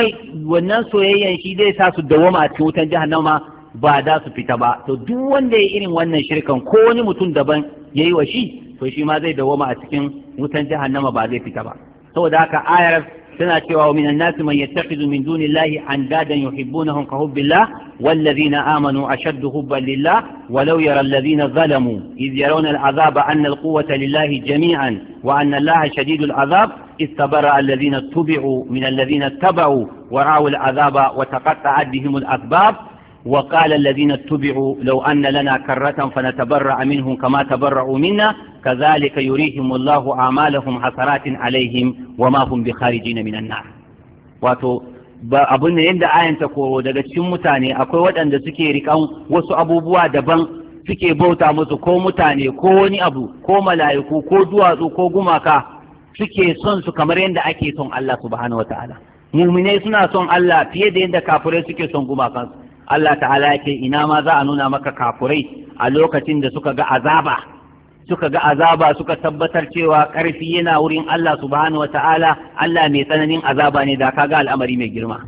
wannan soyayyan shi zai sa su dawama a cikin wutan jahannama ba za su fita ba to duk wanda ya irin wannan shirkan ko wani mutum daban ya yi wa shi to shi ma zai dawama a cikin wutan jahannama ba zai fita ba saboda haka ayar سنأتي ومن الناس من يتخذ من دون الله أندادا يحبونهم كحب الله والذين آمنوا أشد حبا لله ولو يرى الذين ظلموا إذ يرون العذاب أن القوة لله جميعا وأن الله شديد العذاب استبرى الذين اتبعوا من الذين اتبعوا وراوا العذاب وتقطعت بهم الأسباب وقال الذين اتبعوا لو أن لنا كرة فنتبرأ منهم كما تبرأوا منا كذلك يريهم الله أعمالهم حسرات عليهم وما هم بخارجين من النار wato ba abin yadda ayan ta koro daga cikin mutane akwai waɗanda suke rikan wasu abubuwa daban suke bauta musu ko mutane ko wani abu ko mala'iku ko duwatsu ko gumaka suke son su kamar yadda ake son Allah subhanahu wataala mu'minai suna son Allah fiye da yadda kafirai suke son gumakansu Allah ta'ala ya ce ina ma za a nuna maka kafurai a lokacin da suka ga azaba suka ga azaba suka tabbatar cewa ƙarfi yana wurin Allah subhanahu ta'ala Allah mai tsananin azaba ne da kaga al'amari mai girma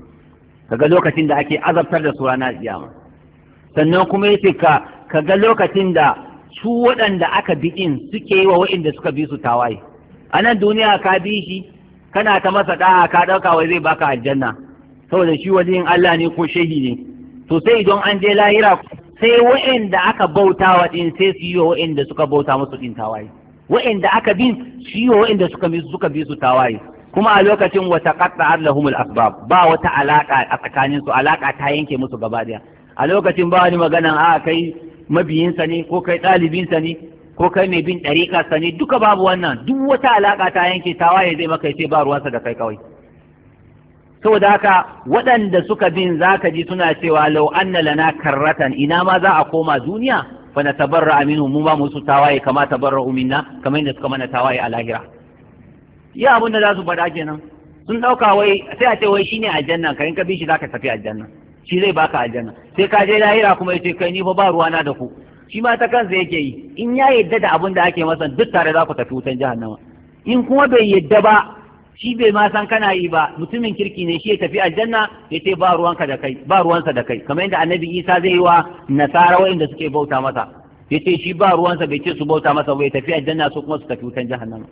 kaga lokacin da ake azabtar da su ranar kiyama sannan kuma yace ka kaga lokacin da su waɗanda aka bi suke yi wa waɗanda suka bi su tawaye a nan duniya ka bi shi kana ta masa da'a ka ɗauka wai zai baka aljanna saboda shi waliyin Allah ne ko shehi ne to sai idan an je lahira sai wa'anda aka bauta wa din sai su yi wa'anda suka bauta musu din tawaye wa'anda aka bin su yi wa'anda suka bi suka bi su tawaye kuma a lokacin wata qatta al asbab ba wata alaka a tsakanin su alaka ta yanke musu gaba daya a lokacin ba wani magana a kai mabiyinsa ne ko kai ɗalibinsa ne ko kai mai bin ɗariƙarsa ne duka babu wannan duk wata alaƙa ta yanke tawaye zai maka sai ba ruwansa da kai kawai saboda haka waɗanda suka bin zaka ji suna cewa lau anna lana karratan ina ma za a koma duniya fa na tabarra Aminu mu ba su tawaye kama tabarra minna kamar yadda suka mana tawaye a lahira ya abin da za su faɗa kenan sun ɗauka wai sai a ce wai shine aljanna ka in ka bin shi zaka tafi aljanna shi zai baka aljanna sai ka je lahira kuma ya ce kai ni fa ba ruwana da ku shi ma ta kansa yake yi in ya yadda da abin da ake masa duk tare za ku tafi wutan jahannama in kuma bai yadda ba shi bai ma san kana yi ba mutumin kirki ne shi ya tafi aljanna ya ce ba ruwanka da kai ba ruwansa da kai kamar yadda annabi isa zai yi wa nasara waɗanda suke bauta masa ya ce shi ba ruwansa bai ce su bauta masa ba ya tafi aljanna su kuma su tafi wutan jahannama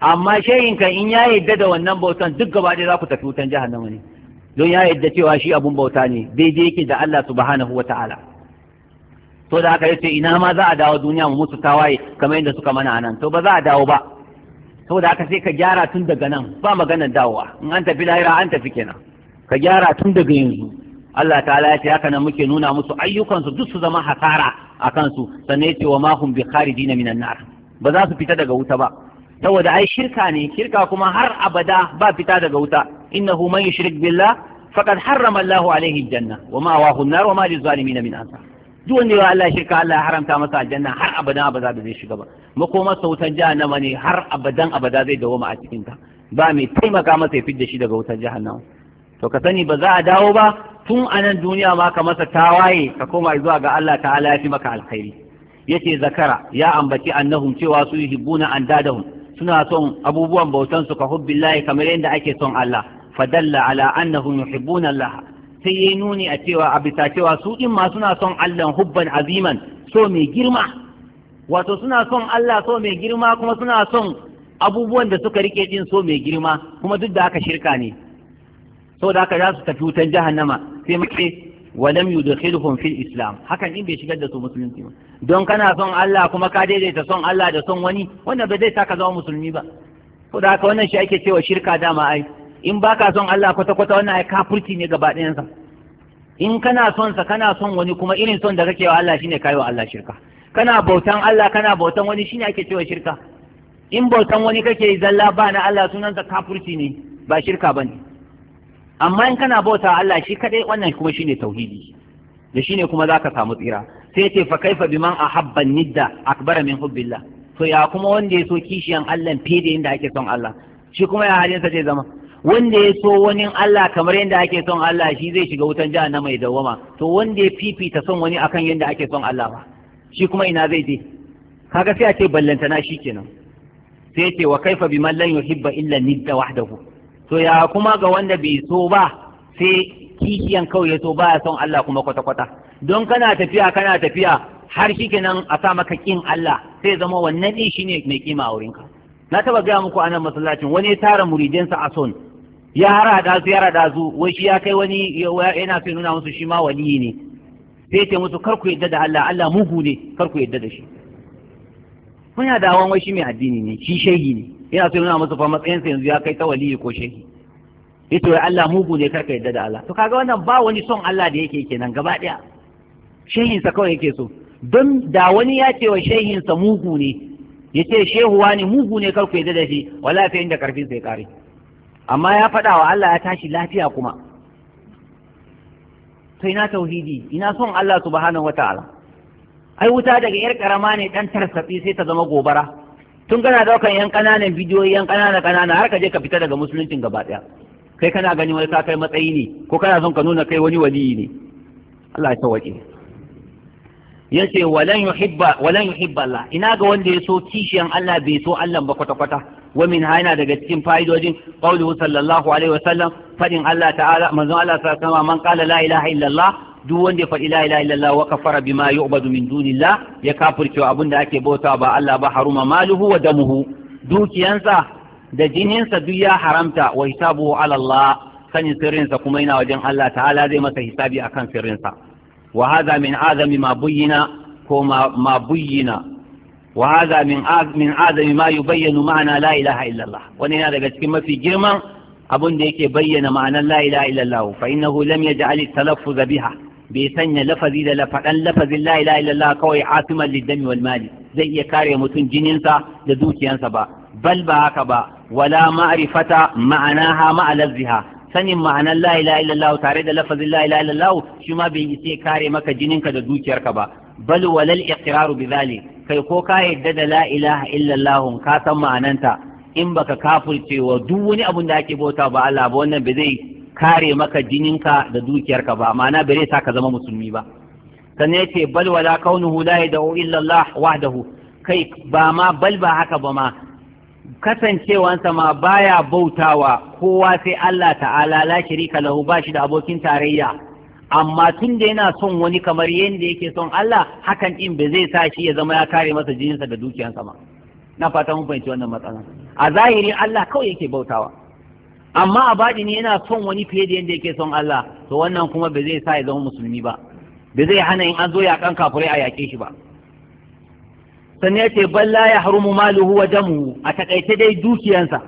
amma ka in ya yadda da wannan bautan duk gaba ɗaya za ku tafi wutan jahannama ne don ya yadda cewa shi abun bauta ne daidai yake da Allah subhanahu wata'ala to da aka yace ina ma za a dawo duniya mu mutu tawaye kamar yadda suka mana anan to ba za a dawo ba saboda haka sai ka gyara tun daga nan ba maganar dawowa in an tafi lahira an tafi kenan ka gyara tun daga yanzu Allah ta'ala ya ce haka nan muke nuna musu ayyukansu duk su zama hasara a kansu sannan ya ce wa mahum bi min minan nar ba za su fita daga wuta ba saboda ai shirka ne shirka kuma har abada ba fita daga wuta innahu man yushrik billah faqad harrama Allahu alaihi janna wa ma'awahu an hunnar wa ma lizalimin min ansar duk wanda yawa Allah shirka Allah ya haramta masa aljanna har abadan abada da zai shiga ba makoma sautan jahannama ne har abadan abada zai dawoma a cikinta ba mai taimaka masa ya fidda shi daga wutar jahannama to ka sani ba za a dawo ba tun a nan duniya ma ka masa tawaye ka koma zuwa ga Allah ta'ala ya fi maka alkhairi yace zakara ya ambaci annahum cewa su yuhibbuna andadahum suna son abubuwan bautan su ka hubbillahi kamar yadda ake son Allah fadalla ala annahum yuhibbuna Allah sai yayi nuni a cewa a bisa cewa su din ma suna son Allah hubban aziman so mai girma wato suna son Allah so mai girma kuma suna son abubuwan da suka rike din so mai girma kuma duk da haka shirka ne da haka za su tafi wutan jahannama sai mace walam yudkhiluhum fil islam hakan in bai shigar da su musulunci ba don kana son Allah kuma ka daidaita son Allah da son wani wannan ba zai saka zama musulmi ba da haka wannan shi ake cewa shirka dama ai in baka son Allah kwata kwata wannan ai kafirci ne gaba ɗayansa in kana son sa kana son wani kuma irin son da kake wa Allah shine kai wa Allah shirka kana bautan Allah kana bautan wani shine ake cewa shirka in bautan wani kake zalla ba na Allah sunansa kafirci ne ba shirka bane amma in kana bauta Allah shi kadai wannan kuma shine tauhidi da shine kuma zaka samu tsira sai ce fa kaifa biman ahabba nidda akbara min hubbillah to ya kuma wanda ya so kishiyan Allah fiye da inda ake son Allah shi kuma ya halin sa zai zama wanda ya so wani Allah kamar yadda ake son Allah shi zai shiga wutan jahannama mai dawama to wanda ya fifita son wani akan yadda ake son Allah ba shi kuma ina zai je kaga sai a ce ballantana kenan. sai ce wa kaifa bi man lan yuhibba illa nidda wahdahu to ya kuma ga wanda bai so ba sai kishiyan kawai ya so ba ya son Allah kuma kwata kwata don kana tafiya kana tafiya har shikenan a sa maka kin Allah sai zama wannan din shine mai kima a wurinka na taba gaya muku anan masallacin wani ya tara muridansa a son ya hara da su ya rada su wai shi ya kai wani yana so nuna musu shi ma waliyi ne sai ce musu kar ku yadda da Allah Allah mugu ne kar ku yadda da shi ya da wani shi mai addini ne shi shehi ne yana so nuna musu fa matsayinsa yanzu ya kai ta waliyi ko shehi yace wai Allah mugu ne kar ka yadda da Allah to kaga wannan ba wani son Allah da yake kenan gaba daya sa kawai yake so don da wani ya ce wa sa mugu ne ya ce shehuwa ne mugu ne kar ku yadda da shi wala sai inda karfin sai kare amma ya faɗa wa Allah ya tashi lafiya kuma to ina tauhidi ina son Allah subhanahu wataala ai wuta daga yar karama ne dan tarsafi sai ta zama gobara tun kana daukan yan kananan bidiyoyi yan kanana kanana har ka je ka fita daga musuluncin gaba daya kai kana gani wani ka kai matsayi ne ko kana son ka nuna kai wani waliyi ne Allah ya tawaje yace walan yuhibba walan yuhibba Allah ina ga wanda ya so kishiyan Allah bai so Allah ba kwata kwata wa min yana daga cikin fa'idojin qawluhu sallallahu alaihi wa sallam fadin Allah ta'ala manzon Allah sallallahu alaihi wa sallam man qala la ya faɗi la ilaha illallah wa kafara bima yu'badu min dunillah ya kafirce abinda ake bauta ba Allah ba haruma maluhu wa damuhu da jininsa duk ya haramta wa hisabuhu ala sanin sirrinsa kuma yana wajen Allah ta'ala zai masa hisabi akan sirrinsa wa min azami ma ko ma Wahaza hadha min min azami ma yubayyanu ma'ana la ilaha illallah wani yana daga cikin mafi girman abin da yake bayyana ma'anar la ilaha illallah fa innahu lam yaj'al at-talaffuz biha bai sanya lafazi da lafadan lafazin la ilaha illallah kawai asiman lidami wal mali zai iya kare mutum jininsa da dukiyansa ba bal ba haka ba wala ma'rifata ma'anaha ma'alazziha sanin ma'anar la ilaha illallah tare da lafazin la ilaha illallah shi ma bai yi sai kare maka jininka da dukiyarka ba bal walal ikiraru bidhalik kai ko ka yadda da la ilaha illallah ka san ma'ananta in baka kafirce wa duk wani abun da ake bauta ba Allah ba wannan ba zai kare maka ka da dukiyarka ba ma'ana ba zai sa ka zama musulmi ba sannan yace bal wala kaunuhu la yad'u illallah wahdahu kai ba ma bal ba haka ba ma kasancewansa ma baya bautawa kowa sai Allah ta'ala la shirika lahu ba shi da abokin tarayya amma tun da yana son wani kamar yadda yake son Allah hakan in ba zai sa shi ya zama ya kare masa jininsa da dukiyansa ba na fata mun fahimci wannan matsala a zahiri Allah kawai yake bautawa amma a baɗini yana son wani fiye da yadda yake son Allah to wannan kuma ba zai sa ya zama musulmi ba ba zai hana in an zo yaƙan kafurai a yaƙe shi ba sannan ya ce balla ya haramu maluhu wa mu a taƙaice dai dukiyansa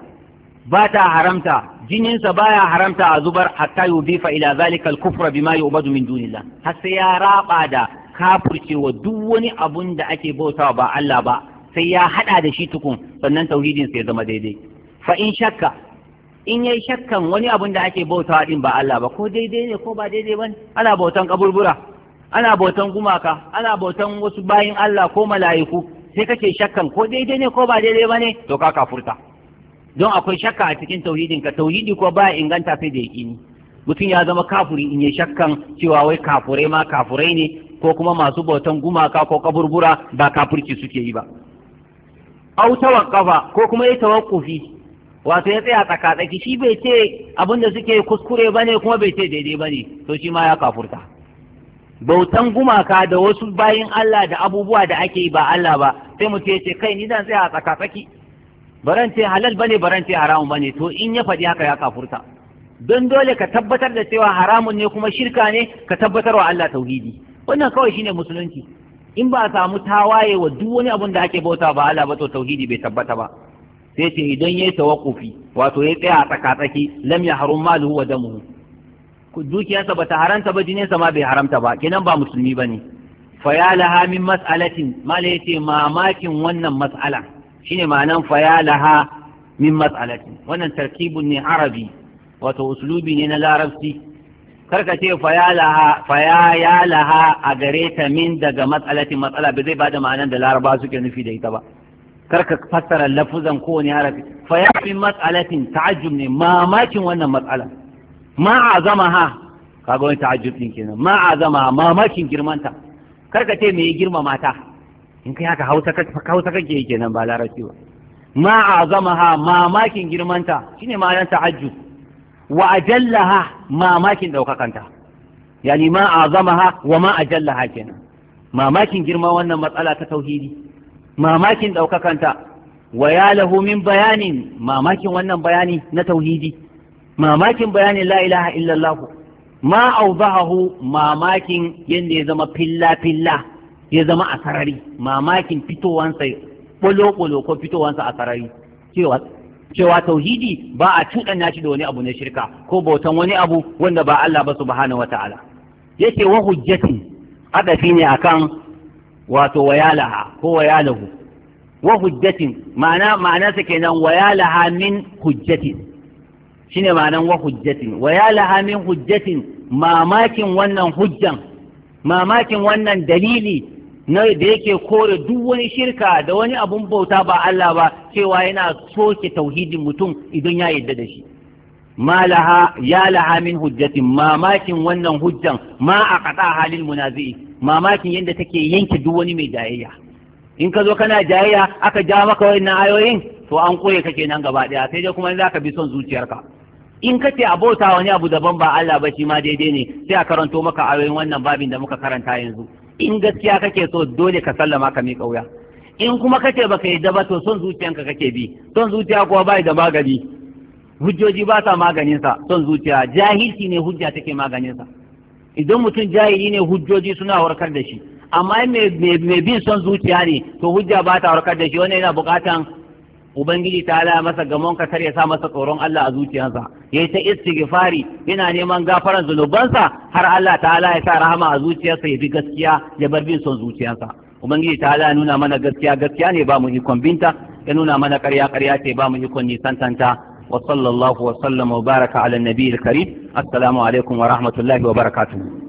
ba ta haramta Jinin sa baya haramta a zubar hatta yudifa ila zalika al-kufra bima yu'badu min dunillah har sai ya raba da kafircewa duk wani abun da ake bautawa ba Allah ba sai ya hada da shi tukun sannan tauhidin sai ya zama daidai fa in shakka in yayi shakkan wani abun da ake bautawa din ba Allah ba ko daidai ne ko ba daidai ba ana bautan kaburbura ana bautan gumaka ana bautan wasu bayin Allah ko mala'iku sai kake shakkan ko daidai ne ko ba daidai ba ne to ka kafurta don akwai shakka a cikin tauhidin ka tauhidi ko ba inganta sai da yaƙini mutum ya zama kafuri in ya shakkan cewa wai kafurai ma kafurai ne ko kuma masu bautan gumaka ko kaburbura ba kafurci suke yi ba au tawakkafa ko kuma ya tawakkufi wato ya tsaya tsakatsaki shi bai ce abin da suke kuskure bane kuma bai ce daidai bane to shi ma ya kafurta bautan gumaka da wasu bayin Allah da abubuwa da ake yi ba Allah ba sai mutum ya ce kai ni zan tsaya tsakatsaki barance halal bane barance ce haramun bane to in ya faɗi haka ya kafurta don dole ka tabbatar da cewa haramun ne kuma shirka ne ka tabbatar wa Allah tauhidi wannan kawai shine musulunci in ba a samu tawaye wa duk wani abun da ake bauta ba Allah ba to tauhidi bai tabbata ba sai ce idan yayi tawakkufi wato ya tsaya a tsakatsaki lam yahrum maluhu wa damuhu dukiyarsa ba ta haramta ba sa ma bai haramta ba kenan ba musulmi ba ne fa ya laha min mas'alatin mala yace mamakin wannan mas'ala shine ma'anan fayalaha min matsalatin. wannan tarkibun ne arabi wato uslubi ne na larabci karka ce fayalaha a gare ta min daga matsalatin matsala ba zai bada ma'anan da laraba suke nufi da ita ba karka fassara lafuzan kowane harafi min matsalatin ta'ajjub ne mamakin wannan matsala ma azama ha kaga wani ta'ajjub din kenan ma azama mamakin girmanta karka ce me girma mata in kai haka hausa kake yi kenan ba larabci ba ma ha mamakin girmanta shine ma'anar ta'ajjud wa ajallaha mamakin daukakanta yani ma ha wa ma ajallaha kenan mamakin girma wannan matsala ta tauhidi mamakin daukakanta wa ya lahu min bayanin mamakin wannan bayani na tauhidi mamakin bayanin la ilaha illallah ma auzahahu mamakin yadda ya zama filla filla ya zama a sarari mamakin fitowansa bolo-bolo ko fitowansa a sarari cewa tauhidi ba a cuɗanya shi da wani abu na shirka ko bautan wani abu wanda ba Allah ba su ba wata wata'ala yake wa hujjati haɗafi ne akan wato wayalaha ko wayalahu wa hujjati ma'ana ma'ana sa kenan wayalaha min hujjatin shine ma'anan wa hujjatin wayalaha min hujjatin mamakin wannan hujjan mamakin wannan dalili na da yake kore duk wani shirka da wani abun bauta ba Allah ba cewa yana soke tauhidin mutum idan ya yarda da shi malaha ya laha min hujjatin mamakin wannan hujjan ma a kada halin munazi'i mamakin yadda take yanke duk wani mai jayayya in ka zo kana jayayya aka ja maka wannan ayoyin to an koye kake nan gaba daya sai dai kuma za ka bi son zuciyarka in ka ce a bauta wani abu daban ba Allah ba shi ma daidai ne sai a karanto maka ayoyin wannan babin da muka karanta yanzu in gaskiya kake so dole ka sallama ka miƙa wuya in kuma ba ka yi ba to son zuciyanka kake bi son zuciya kuwa bai da magani hujjoji ba sa maganinsa son zuciya jahilci ne hujja take maganinsa idan mutum jahili ne hujjoji suna warkar da shi amma mai bin son zuciya ne to hujja ba ta warkar da shi wani yana bukatan ubangiji ta ala masa gamon ka ya sa masa tsoron Allah a zuciyarsa yi ta istighfari yana neman gafaran zunubansa har Allah ta'ala ya sa rahama a zuciyarsa ya bi gaskiya ya bar bin son zuciyarsa ubangiji ta ala nuna mana gaskiya gaskiya ne ba mu ikon binta ya nuna mana ƙarya ƙarya ce ba mu ikon nisantanta wa sallallahu wa sallama wa baraka ala nabiyil karim assalamu alaikum wa rahmatullahi wa barakatuh